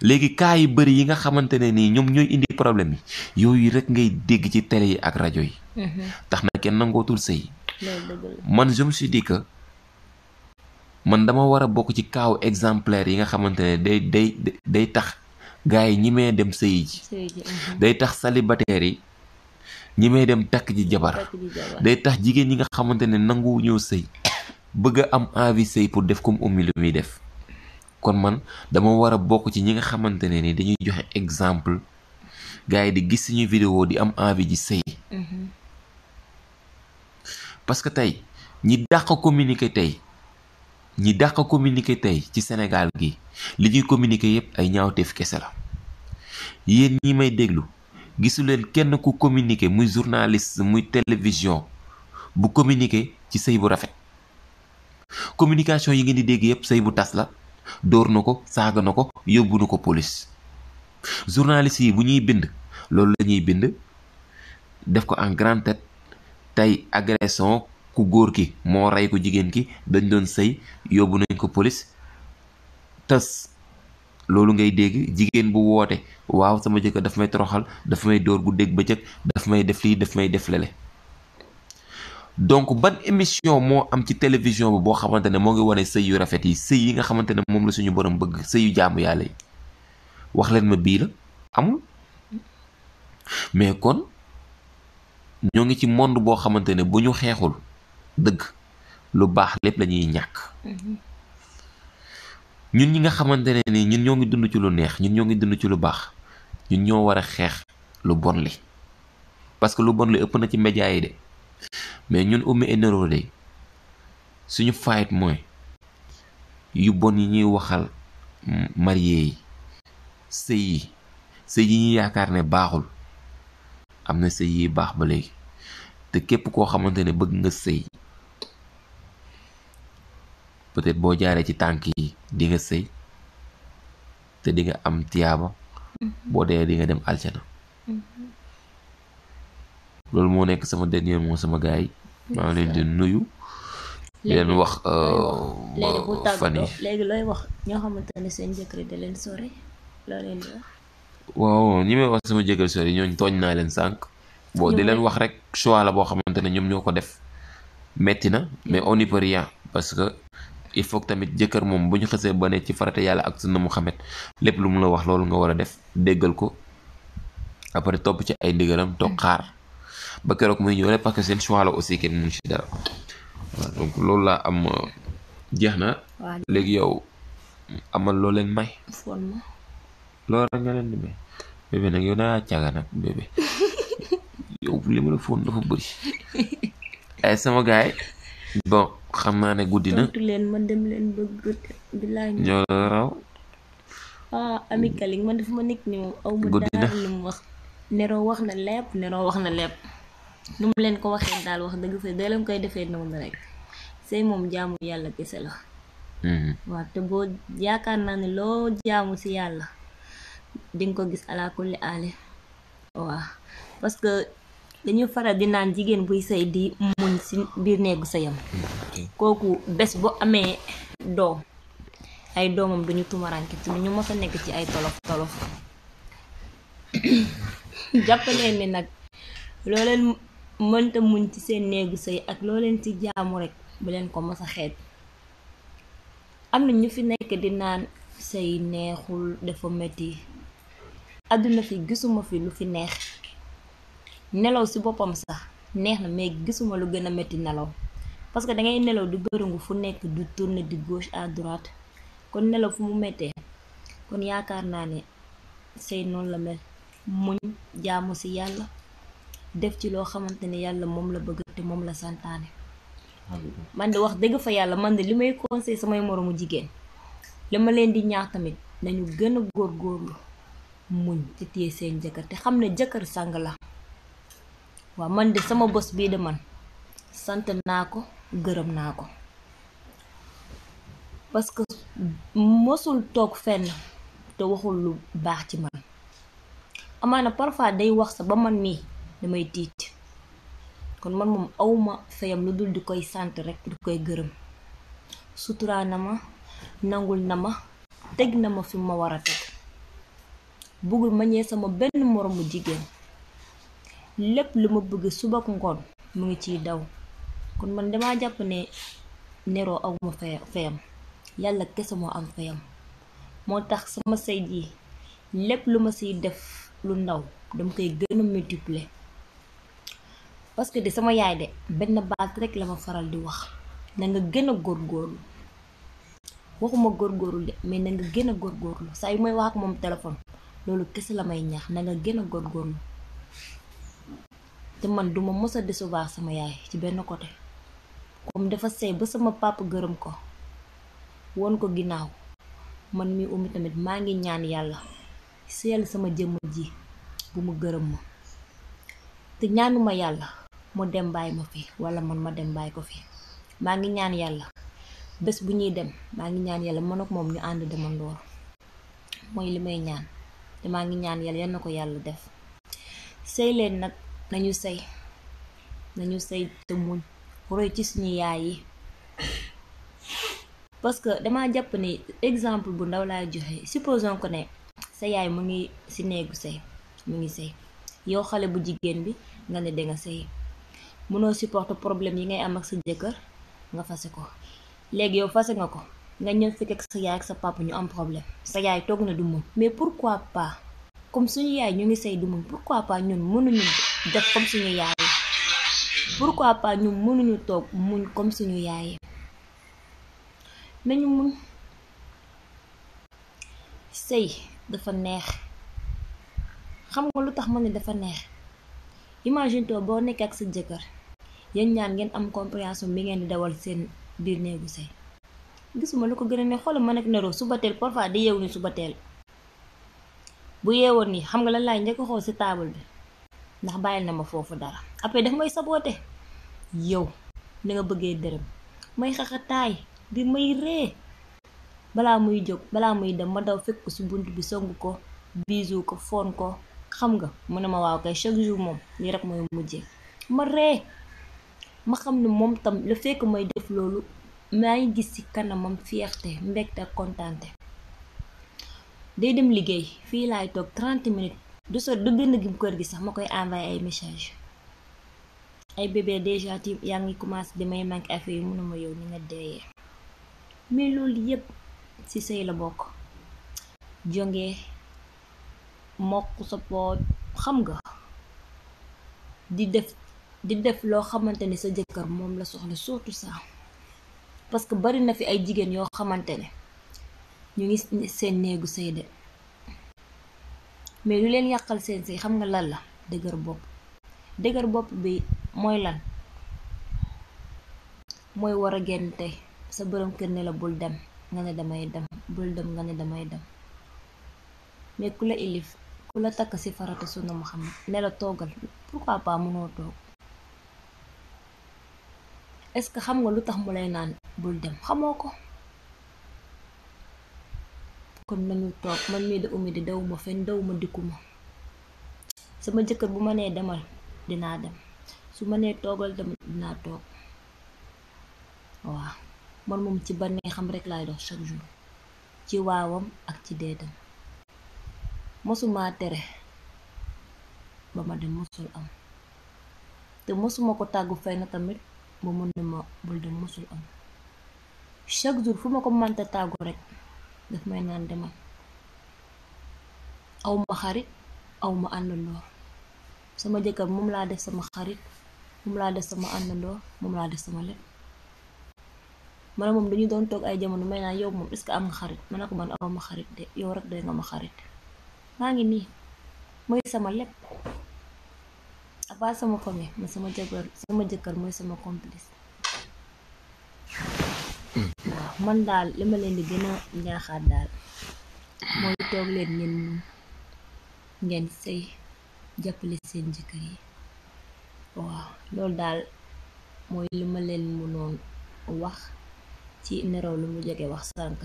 léegi cas yu bëri yi nga xamante ne nii ñoom ñooy indi problème yi yooyu rek ngay dégg ci télé yi ak rajo yi mm-hmm. tax na kenn nangootul sëy man man dama war a bokk ci kaaw exemplaire yi nga xamante ne day day day tax gars yi ñi mee dem sëyi ji mhm. day tax célibataire yi ñi may dem takk ji jabar day tax jigéen ñi nga xamante ne nangu ñëw sëy bëgg am envie sëy pour def comme ummi lu muy def kon man dama war a bokk ci ñi nga xamante ne ni dañuy joxe exemple gars yi di gis suñu vidéo di am envie ji sëy mhm. parce que tey ñi dàq communiquer tey ñi dàq communiqué tey ci Sénégal gi li ñuy communiqué yépp ay ñaawteef kese la yéen ñi may déglu gisuleen kenn ku communiqué muy journaliste muy télévision bu communiqué ci sëy bu rafet communication yi ngeen di dégg yépp sëy bu tas la dóor na ko saaga na ko yóbbu na ko police journaliste yi bu ñuy bind loolu la bind def ko en grande tête tey agression ku góor ki moo rey ko jigéen ki dañ doon sëy yóbbu nañ ko police tas loolu ngay dégg jigéen bu woote waaw sama jëkkër dafa may toroxal dafa may dóor gu ba bëccëg dafa may def lii dafa may def lele donc ban émission moo am ci télévision boo xamante ne moo ngi wane sëy yu rafet yi sëy yi nga xamante ne moom la suñu borom bëgg sëy yu jaamu yàlla ma bii la mais kon ñoo ngi ci monde boo xamante ne bu ñu xeexul dëgg lu baax lépp la ñàkk ñun ñi nga xamante ne ñun ñoo ngi dund ci lu neex ñun ñoo ngi dund ci lu baax ñun ñoo war a xeex lu bon li parce que lu bon li ëpp na ci média yi de mais ñun Oumy Aidara de suñu fight mooy yu bon yi ñuy waxal marié yi sëy yi sëy yi ñuy yaakaar ne baaxul am na sëy yi baax ba léegi te képp koo xamante ne bëgg nga sëy peut-être boo jaaree ci tànk yi dinga nga sëy te di nga am tiyaaba mm-hmm. boo dee di nga dem aljana mm-hmm. loolu moo nekk sama dernier mot sama gars yi maa ngi leen di nuyu leen wax euh, fan yi wax ñoo xamante ne waaw ñi may wax sama jëkkër sori ñooñ tooñ naa leen sànq bon di leen wax rek choix boo xamante ne ñoom ñoo ko def metti na mais mm-hmm. on n'y il faut tamit jëkkër moom bu ñu xësee ba ne ci farata yàlla ak sunna Muhammad lépp lu mu la wax loolu nga war a def déggal ko après topp ci ay ndigalam toog mm. xaar ba keroog muy ñëw rek que seen choix la aussi kenn mënu ci dara waaw donc loolu laa am jeex na. léegi yow amal loo leen may. loolu rek leen may bébé nag yow naa caaga nag bébé yow li ma la fóon dafa bëri ay eh, sama gaay xam naa ne guddi na tontu leen man dem leen ba guddi bilaay ñoo la raw ah ma def ma nekk ni moom aw daal lu wax Nero wax na lépp Nero wax na lépp nu mu leen ko waxee daal wax dëgg fa da leen koy defee noonu rek sëy moom jaamu yàlla kese la hmm. waaw te boo yaakaar naa ne loo jaamu ci yàlla di ko gis ala kulli aale dañu faral di naan jigéen buy sëy di am si biir néegu sëyam hmm, kooku bés bu amee doom ay doomam duñu tumaranke ñu mos a nekk ci ay tolof tolof jàpp ni nag loo mënta muñ ci seen néegu sëy ak looleen leen ci jaamu rekk bu leen ko mos a xeet am na ñu fi nekk di naan sëy neexul dafa metti àdduna fi gisuma fi lu fi neex nelaw ci boppam sax neex na mais gisuma lu gën a métti nelaw parce que da ngay nelaw du bërëngu fu nekk du tourner di gauche à droite kon nelaw fu mu méttee kon yaakaar naa ne sëy noonu la mel muñ jaamu ci yàlla def ci loo xamante ne yàlla moom la bëgg te moom la santaane. man de wax dëgg fa yàlla man de li may conseil samay moroomu jigéen li ma leen di ñaax tamit nañu gën a góorgóorlu muñ te téye seen jëkkër te xam ne jëkkër sàng la. waaw man de sama bos bii de man sant naa ko gërëm naa ko parce que mosul toog fenn te waxul lu baax ci man amaana parfois day wax sa ba man mii damay tiit kon man moom awma fayam lu dul di koy sant rek di koy gërëm suturaa ma nangul na ma teg na ma fi ma war a teg bëggul ma ñee sama benn moroomu jigéen lépp lu ma bëgg suba ngoon mu ngi ciy daw kon man damaa jàpp ne Nero awma fayam yàlla kese moo am fayam moo tax sama sëy ji lépp lu ma siy def lu ndaw dama koy gën a multiplier parce que de sama yaay de benn baat rekk la ma faral di wax na nga gën a góorgóorlu waxuma góorgóorlu de mais na nga gën a góorgóorlu saa yu may wax moom téléphone loolu kese la may ñax na nga gën a góorgóorlu te man duma mës a décevoir sama yaay ci benn côté comme dafa sey ba sama papa gërëm ko woon ko ginnaaw man mi umi tamit maa ngi ñaan yàlla seel sama jëmm ji bu mu gërëm ma te ñaanuma yàlla mu dem bàyyi ma fi wala man ma dem bàyyi ko fi maa ngi ñaan yàlla bés bu ñuy dem maa ngi ñaan yàlla man ak moom ñu ànd demandoor mooy li may ñaan te maa ngi ñaan yàlla yan na ko yàlla def sëy nag nañu sëy nañu sëy te muñ roy ci suñu yaay yi parce que dama jàpp ni exemple bu ndaw laay joxe supposons que ne sa yaay mu ngi si néegu sëy mu ngi sëy yow xale bu jigéen bi nga ne danga sëy mënoo supporter problème yi ngay am ak sa jëkkër nga fase ko léegi yow fase nga ko nga ñëw fekk ak sa yaay ak sa papa ñu am problème sa yaay toog na du muñ mais pourquoi pas comme suñu yaay ñu ngi sëy du muñ pourquoi pas ñun mënuñu def comme suñu yaay yi pourquoi pas ñu mënuñu toog muñ comme suñu yaay nañu muñ sëy dafa neex xam nga lu tax ma ni dafa neex imagine toi boo nekk ak sa jëkkër yéen ñaan ngeen am compréhension bi ngeen di dawal seen biir néegu sëy gisuma lu ko gën ne xoolal ma nekk Nero suba teel parfois di yeewu ni suba teel bu yeewoon nii xam nga la laay njëkk xool ci taabal bi. ndax bàyyil na ma foofu dara après daf may saboote yow ni nga bëggee dërëm may xaxataay di may ree balaa muy jóg balaa muy dem ma daw fekk ko si bunt bi song ko bisu ko fon ko xam nga mu ne ma waaw kay chaque jour moom lii rek mooy mujjee ma ree ma xam ne moom tam la fekk may def loolu maa ngi gis ci kanamam fierté mbégte ak kontaante day dem liggéey fii laay toog 30 minutes du so du génn kër gi sax ma koy envoyé ay message ay bébé déjà ti yaa ngi commencé di may manqué affaire yi mënuma yow ni nga deeyee mais loolu yépp ci sëy la bokk jonge mokk sa pooj xam nga di def di def loo xamante ne sa jëkkër moom la soxla surtout ça parce que bari na fi ay jigéen yoo xamante ne ñu ngi seen néegu sëy de mais lu leen yàqal seen sëy xam nga lan la dëgër bopp dëgër bopp bi mooy lan mooy war a génn tey sa borom kër ne la bul dem nga ne damay dem bul dem nga ne damay dem mais ku la ilif ku la takk ci farata sunna Muhammad ne la toogal pourquoi pas mënoo toog est-ce que xam nga lu tax mu lay naan bul dem xamoo ko kon nañu toog man mii da umi di daw ma fenn daw ma dikku sama jëkkër bu ma nee demal dinaa dem su ma nee toogal tamit dinaa toog waaw man moom ci bannee xam rek laay dox chaque jour ci waawam ak ci deetam mosuma tere ba ma dem mosul am te mosuma ko tàggu fenn tamit ba mun ne ma bul dem mosul am chaque jour fu ma ko mënta tàggu rek daf may naan demal awma xarit awma àndandoor sama jëkkër moom laa def sama xarit moom laa def sama àndandoor moom laa def sama lépp man moom dañu doon toog ay jamono may naan yow moom est-ce am nga xarit ma ne ko man awma xarit de yow rek de nga ma xarit maa ngi nii mooy sama lépp à sama famille man sama jëkkër sama jëkkër mooy sama complice waaw man daal li ma leen di gën a ñaaxaat daal mooy toog leen ngeen ngeen sëy jàppale seen jëkkër yi waaw loolu daal mooy li ma leen mënoon wax ci neraw lu mu jóge wax sànq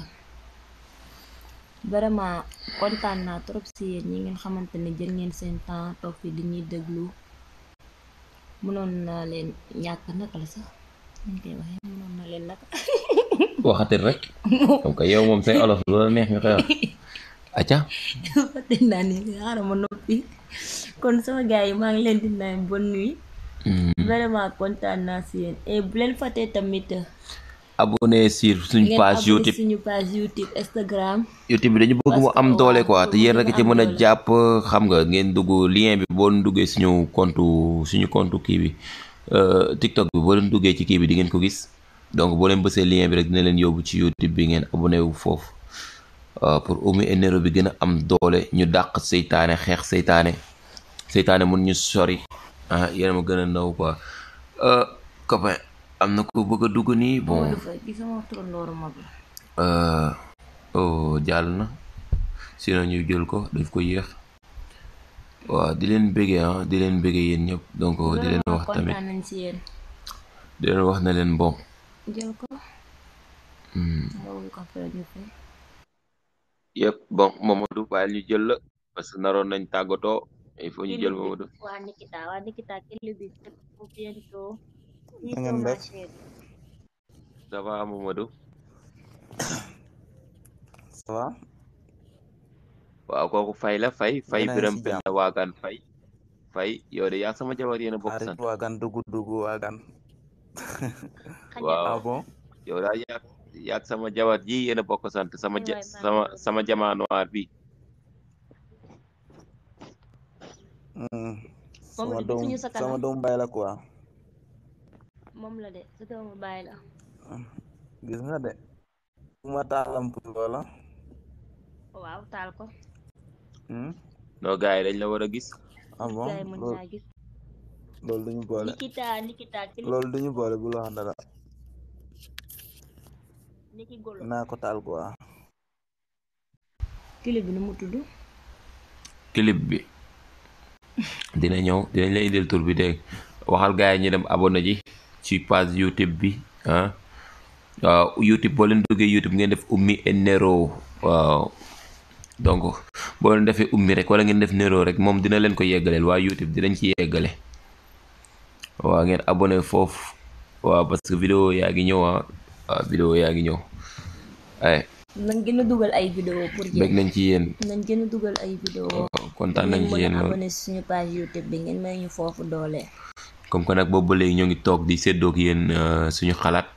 vraiment kontaan naa trop si yéen ñi ngeen xamante ne jël ngeen seen temps toog fi di ñuy déglu mënoon naa leen ñàkk naka la sax ñu koy waxee mënoon naa leen naka waxatil rek. comme que yow moom say olof loola neex ñu koy wax. acca. waxatil naa ne xaaral ma noppi kon sama gars yi maa ngi leen di naan bonne nuit. vraiment kontaan naa si yéen et bu leen fàttee tamit. abonné sur suñu page YouTube suñu page bi dañu am doole quoi te yéen rek ci mën a jàpp xam nga ngeen dugg lien bi boo duggee suñu compte suñu compte kii bi TikTok bi boo leen duggee ci kii bi di ngeen ko gis. donc boo leen bësee lien bi rek dina leen yóbbu ci YouTube bi ngeen abonné wu foofu euh, pour Oumy et Néro bi gën a am doole ñu dàq seytaane xeex seytaane seytaane mun ñu sori ah yéen ma gën a naw ko euh, copain am na ko bëgg a dugg nii bon euh, oh, jàll na sinon ñu jël ko daf ko yéex waaw di leen bëggee ah di leen bëggee yéen ñëpp donc di leen wax tamit di leen wax na leen bon jël hmm. ko yëpp bon Mamadou bàyyi ñu jël la parce que naroon nañ tàggatoo il ñu jël Mamadou waa Nikita waa Nikita kelli bi bientôt ça va Mamadou ça va waaw kooku fay la fay fay biram penda waagaan fay fay yow de yaa jabar yéen a waagaan dugu dugu waagaan waaw bon yow daal yaag yaag sama jabar ji yéen a ko sant sama sama sama jamaa noir bi sama doom sama doom bàyyi la quoi moom la de sa doomu bàyyi la gis nga de bu ma taalam pour loola waaw taal ko non gars yi dañ la war a gis ah bon loolu duñu boole Nikita Nikita loolu duñu boole bu loo xam naa ko taal quoi clip bi nu mu tudd clip bi dina ñëw dinañ lay indil tur bi dégg waxal gars yi ñu dem abonné ji ci page youtube bi ah waaw youtube boo leen duggee youtube ngeen def ummi et nero waaw donc boo leen defee ummi rek wala ngeen def neroo rek moom dina leen ko yeggaleel waa youtube dinañ ci yeggale waaw ngeen abonné foofu waaw parce que vidéo yaa ngi ñëw ah waaw yaa ngi ñëw ay nañ gën a dugal ay vidéo pour nañ ci yéen nañ gën a dugal ay vidéo oh, kontaan nañ ci yéen loolu abonné suñu page YouTube bi ngeen may ñu foofu doole comme boobu ba léegi ñoo ngi toog di séddoog yéen euh, suñu xalaat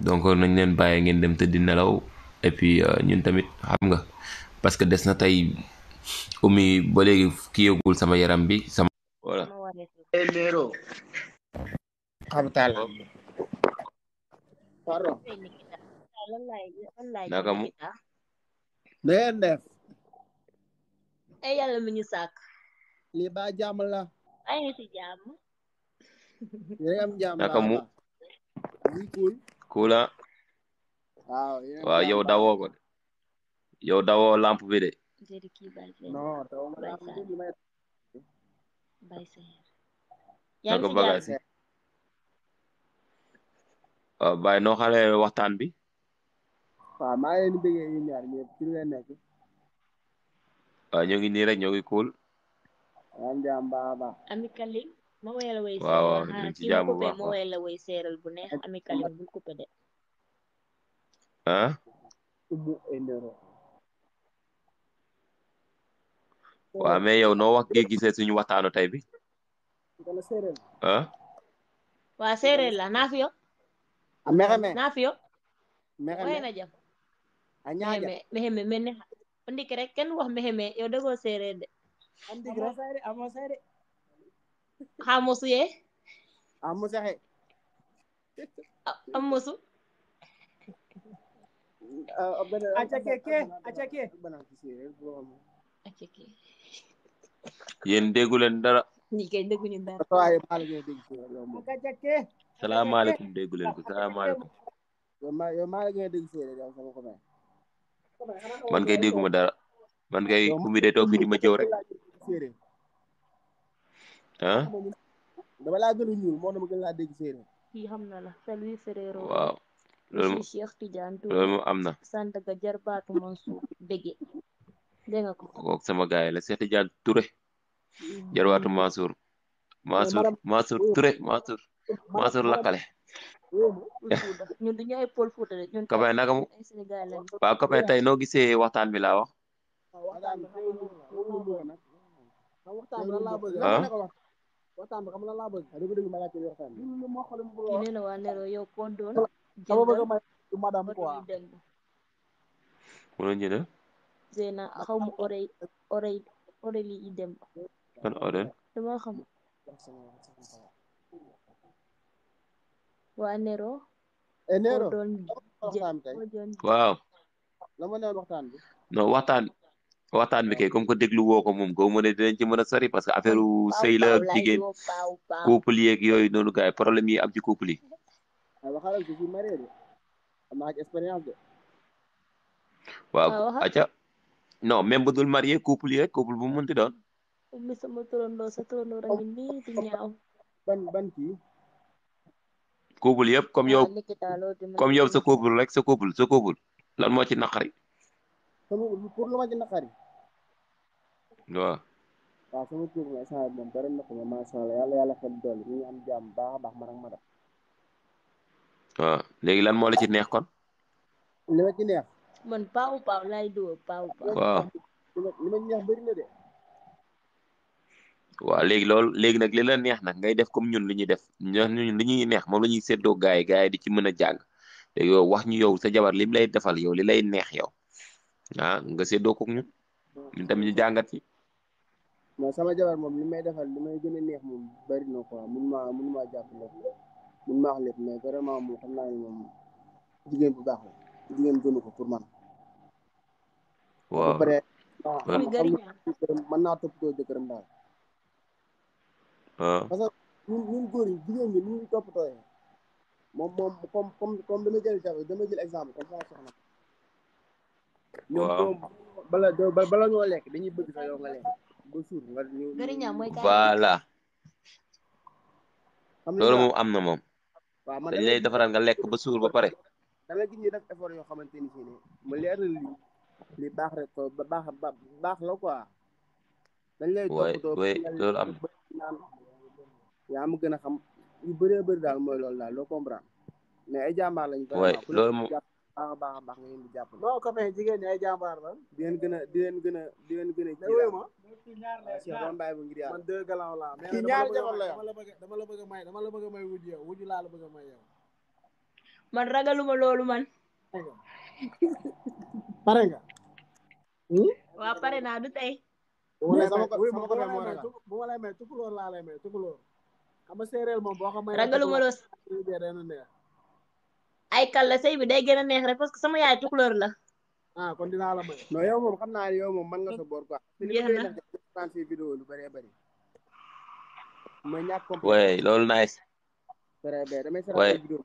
donc nañ leen bàyyi ngeen dem tëdd nelaw et euh, ñun tamit xam nga parce que des na tey Oumy ba léegi kiyagul sama yaram bi sama voilà kabutal naka mu na ngeen def ay yàlla mi sàkk ba jàmm la ay naka mu kuula waaw yow dawoo ko de yow dawoo lamp bi de bi naka bagage yi waaw Baye noo xale waxtaan bi waaw maa ngi euh, rek ñoo ngi kóol am jàmm baax a baax amikali bu baax ma woyal la way de ah umu endero waaw mais yow noo wax nga gisee suñu waxtaanu tey bi ah. waa la naaf yo. a mexeme naaf yo. na jam. a ñaaja mexeme rek kenn wax mexeme yow degoo séeréer de. am ndik rek amoo séeréer. xa mosu yee. a mosu xe. am mosu. acakeke acake. dara. nii kay dégguñu dara. salaamaaleykum déggu leen ko man kay dégguma dara man kay kumbi de toog fi di gën a ñuul moo dama gën laa dégg séeréer. xam na la salu séeréer. waaw loolu moom ga la Cheikh Tidiane jarwaatu Mansour Mansour Mansour Touré Mansour Mansour lakkale Kapay naka mu waaw Kapay tey noo gisee waxtaan bi laa wax ah waxtaan bi xam Nero yow koo doon dama bëgg may du madame quoi mënoon yi dem Dann Odin. لما خم waa Nero. Nero waaw. waxtaan bi. waxtaan waxtaan bi ke comme que déglu woo ko moom ko mu ne dinañ ci mën a sori parce que affaire sëy la jigéen couple yeeg yooyu noonu gars problème yi am ci couple yi. waaw aca non même bu dul marié couple yeeg couple mënti doon. ummi sama turandoo sa turandoo yëpp comme yow comme yow sa couple sa couple sa lan moo ci naqari. na ko ma macha allah yàlla yàlla a baax man ak lan moo la ci neex kon. li ci neex. man paaw paaw laay dóor paaw paaw. waaw. waaw léegi loolu léegi nag li la neex nag ngay def comme ñun lu ñuy def ñun li ñuy neex moom la ñuy séddoo gaay gaay di ci mën a jàng léegi yow wax ñu yow sa jabar li lay defal yow li lay neex yow ah, nga séddoo kook ñun tamit jàngat ci non sama jabar moom li may defal li may gën neex moom bëri na quoi mun ma mun maa jàpp lépp mun maa wax lépp mais vraiment moom xam naa ne moom jigéen bu baax la jigéen ko pour man waaw ba pare mën naa waaw parce que ñun ñun góor yi jigéen ñi ñu moom moom comme comme comme dama jël dama jël exemple comme sama soxna. waaw ñoom bala bala ñoo lekk dañuy bëgg sa yow nga lekk ba suur nga ñu. voilà. loolu moom am na moom. waaw man dañ lay defaral nga lekk ba suur ba pare. da nga gis ñuy def effort yoo xamante ni si ma leer li baax rek ko ba baax baax la quoi. dañ lay toppatoo loolu am yaa ma gën a xam yu bëree bëri daal mooy loolu daal loo comprendre mais ay jàmbaar lañu. waaw loolu moom baax a baax a baax nga leen di jàppale. non copain jàmbaar la. di leen gën a di leen gën a di leen gën a. déglu ma man deux galons la mais la bëgg a may dama la bëgg a may wuju yow wuju laa la bëgg a may yow. man ragaluma loolu man. pare nga. pare hmm? naa du tey. bu ma lay may tukulóor laa lay may tukulóor xam nga séeréer moom boo ko may rangalu ma loos ay kal la sëy bi day gën a neex rek parce que sama yaay tukulóor la ah kon dinaa la may yow moom xam naa yow moom mën nga sa boor quoi naan fi vidéo lu bëree bëri ma loolu nice très bien damay seetaan vidéo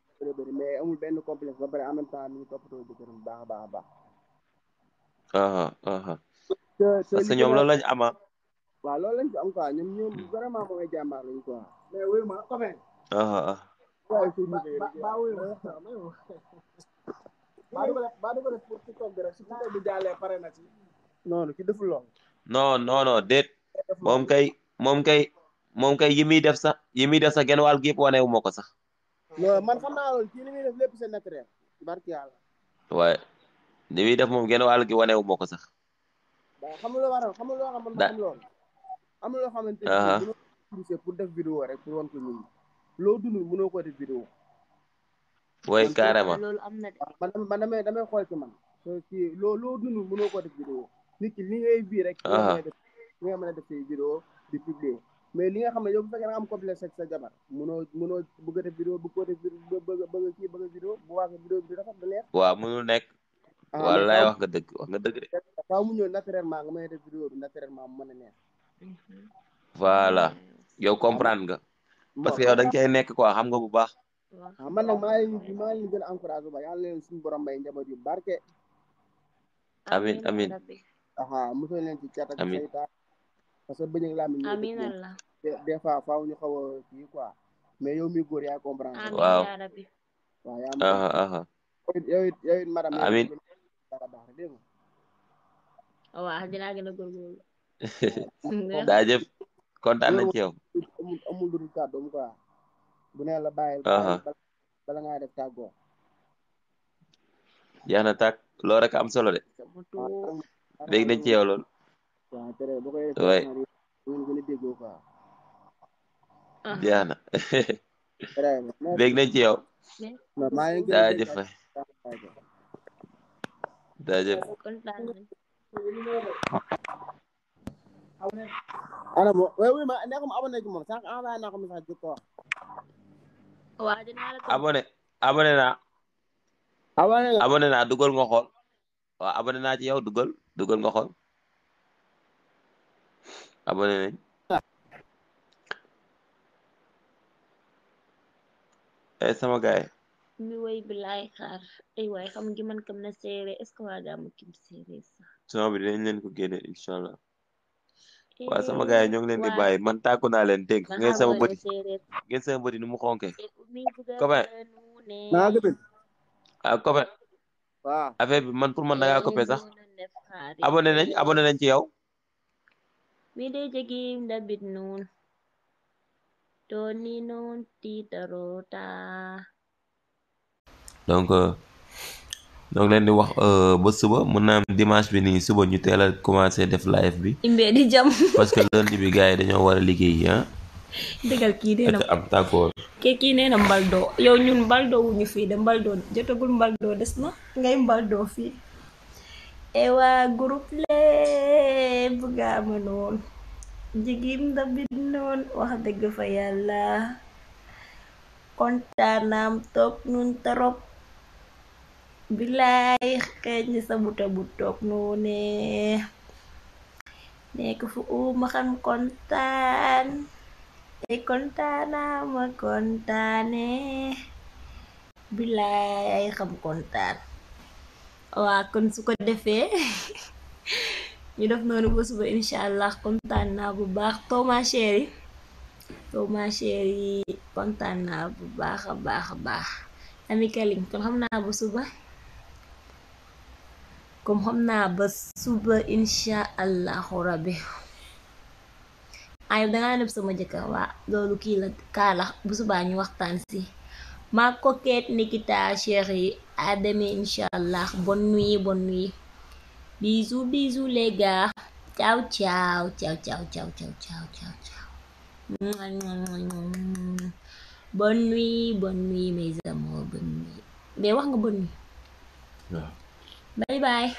lu mais amul benn complexe ba pare en même temps ñu toppatoo jëkkëram baax a baax a baax ah ah, ah. parce que ñoom loolu lañ ama waaw loolu lañ am quoi ñoom ñoom vraiment ba ngay jàmbaar lañ quoi mais wuyu ma copain. ah ah. waaw kii bi ba moom kay moom kay moom muy def sax yi muy def sax genn wàll gépp wane wu ma ko sax. non man xam naa loolu kii li def lépp c'est naturel barki yàlla. waaye li def moom genn wàll gi wane wu ko sax. waaw poussé pour def vidéo rek pour wan ko nit ñi loo ko def vidéo oui carrément loolu am na de man man damay xool ci man ci loo loo dundul mënoo ko def vidéo nit ki li ngay bii rek li nga mën a def say vidéo di publier mais li nga xam ne yow bu fekkee nga am complexe ak sa jabar mënoo mënoo bëgg a def vidéo bëgg koo def bëgg bëgg kii bëgg a vidéo bu waa vidéo bi di rafet du leer waaw mënul nekk ah, wallaay wax nga dëgg wax nga dëgg de waaw mu ñëw naturellement nga mën a def vidéo bi naturellement mu mën a neex voilà yow comprendre nga. parce que yow da nga nekk quoi xam nga bu baax. waaw ah, man nag maa ngi maa a encouragé ba yàlla leen suñu borom bay njaboot yu barke. ci cat parce que bëñ ak làmmiñ amin allah des fois faaw ñu xaw a kii quoi mais yow amin dara baax dégg nga waaw dinaa kontaan na ci yow. amul amul lu dul kàddu quoi la bàyyi. bala ngaa def tàggoo. jeex na tàkk loolu rek am solo de. léegi dañ ci lool. waaw tere boo koy defee waay ngeen gën ana mo waaye wuy ma nekkuma abonné ci moom sànq envoyé naa ko message di ko wax. waaw dinaa la ko abonné abonné naa. abonné naa abonné naa dugal nga xool waaw abonné naa ci yow dugal dugal nga xool abonné nañ. eh sama gaay mi woy bi laay xaar ay waay xam ngi man kam na séeréer est-ce que waa gaa ma kim séeréer sax. sama bi dinañ leen ko génne incha allah. waaw sama gars yi ñoo ngi leen di man tàggu naa leen dégg ngeen sama bëri ngeen sama bëri nu mu xonke copain ah copain affaire bi man pour man da ngaa copain sax abonné nañ abonné nañ ci yow mi de jegim dabit nun to ni nun tiitaro ta donc euh, donc leen di wax euh, ba suba mun naa am dimanche bi nii suba ñu teelal a commencé def live bi. imbee di jam parce que bi gars yi dañoo war a liggéey ah. dëggal kii nee kii kii nee na mbaldoo yow ñun mbaldoo wuñu fii de mbaldoo jotagul mbaldoo des na ngay mbaldoo fii. ewa groupe lee bëgg a ama noonu. jigéen bi noonu wax dëgg fa yàlla kontaan naam toog nun trop. billaay xeeñ sa buta bu toog noone nekk fu uma xam kontaan te kontaanaama kontaane billaay xam kontaan waa kon su ko defee ñu def noonu ba suba incha allah kontaan naa bu baax tooma yi tooma yi kontaan naa bu baax a baax a baax ami kon xam naa ba suba comme xam naa ba suba insha allahu rabbi ay dangaa nëb sama jëkkër waa loolu kii la kaala bu subaa ñu waxtaan si ma coquette Nikita chérie à demain insha allah bonne nuit bonne nuit bisous bisous les gars ciao ciao ciao ciao ciao ciao ciao ciao ciao bonne nuit bonne nuit mes amours bonne nuit wax nga bonne nuit Bye bye.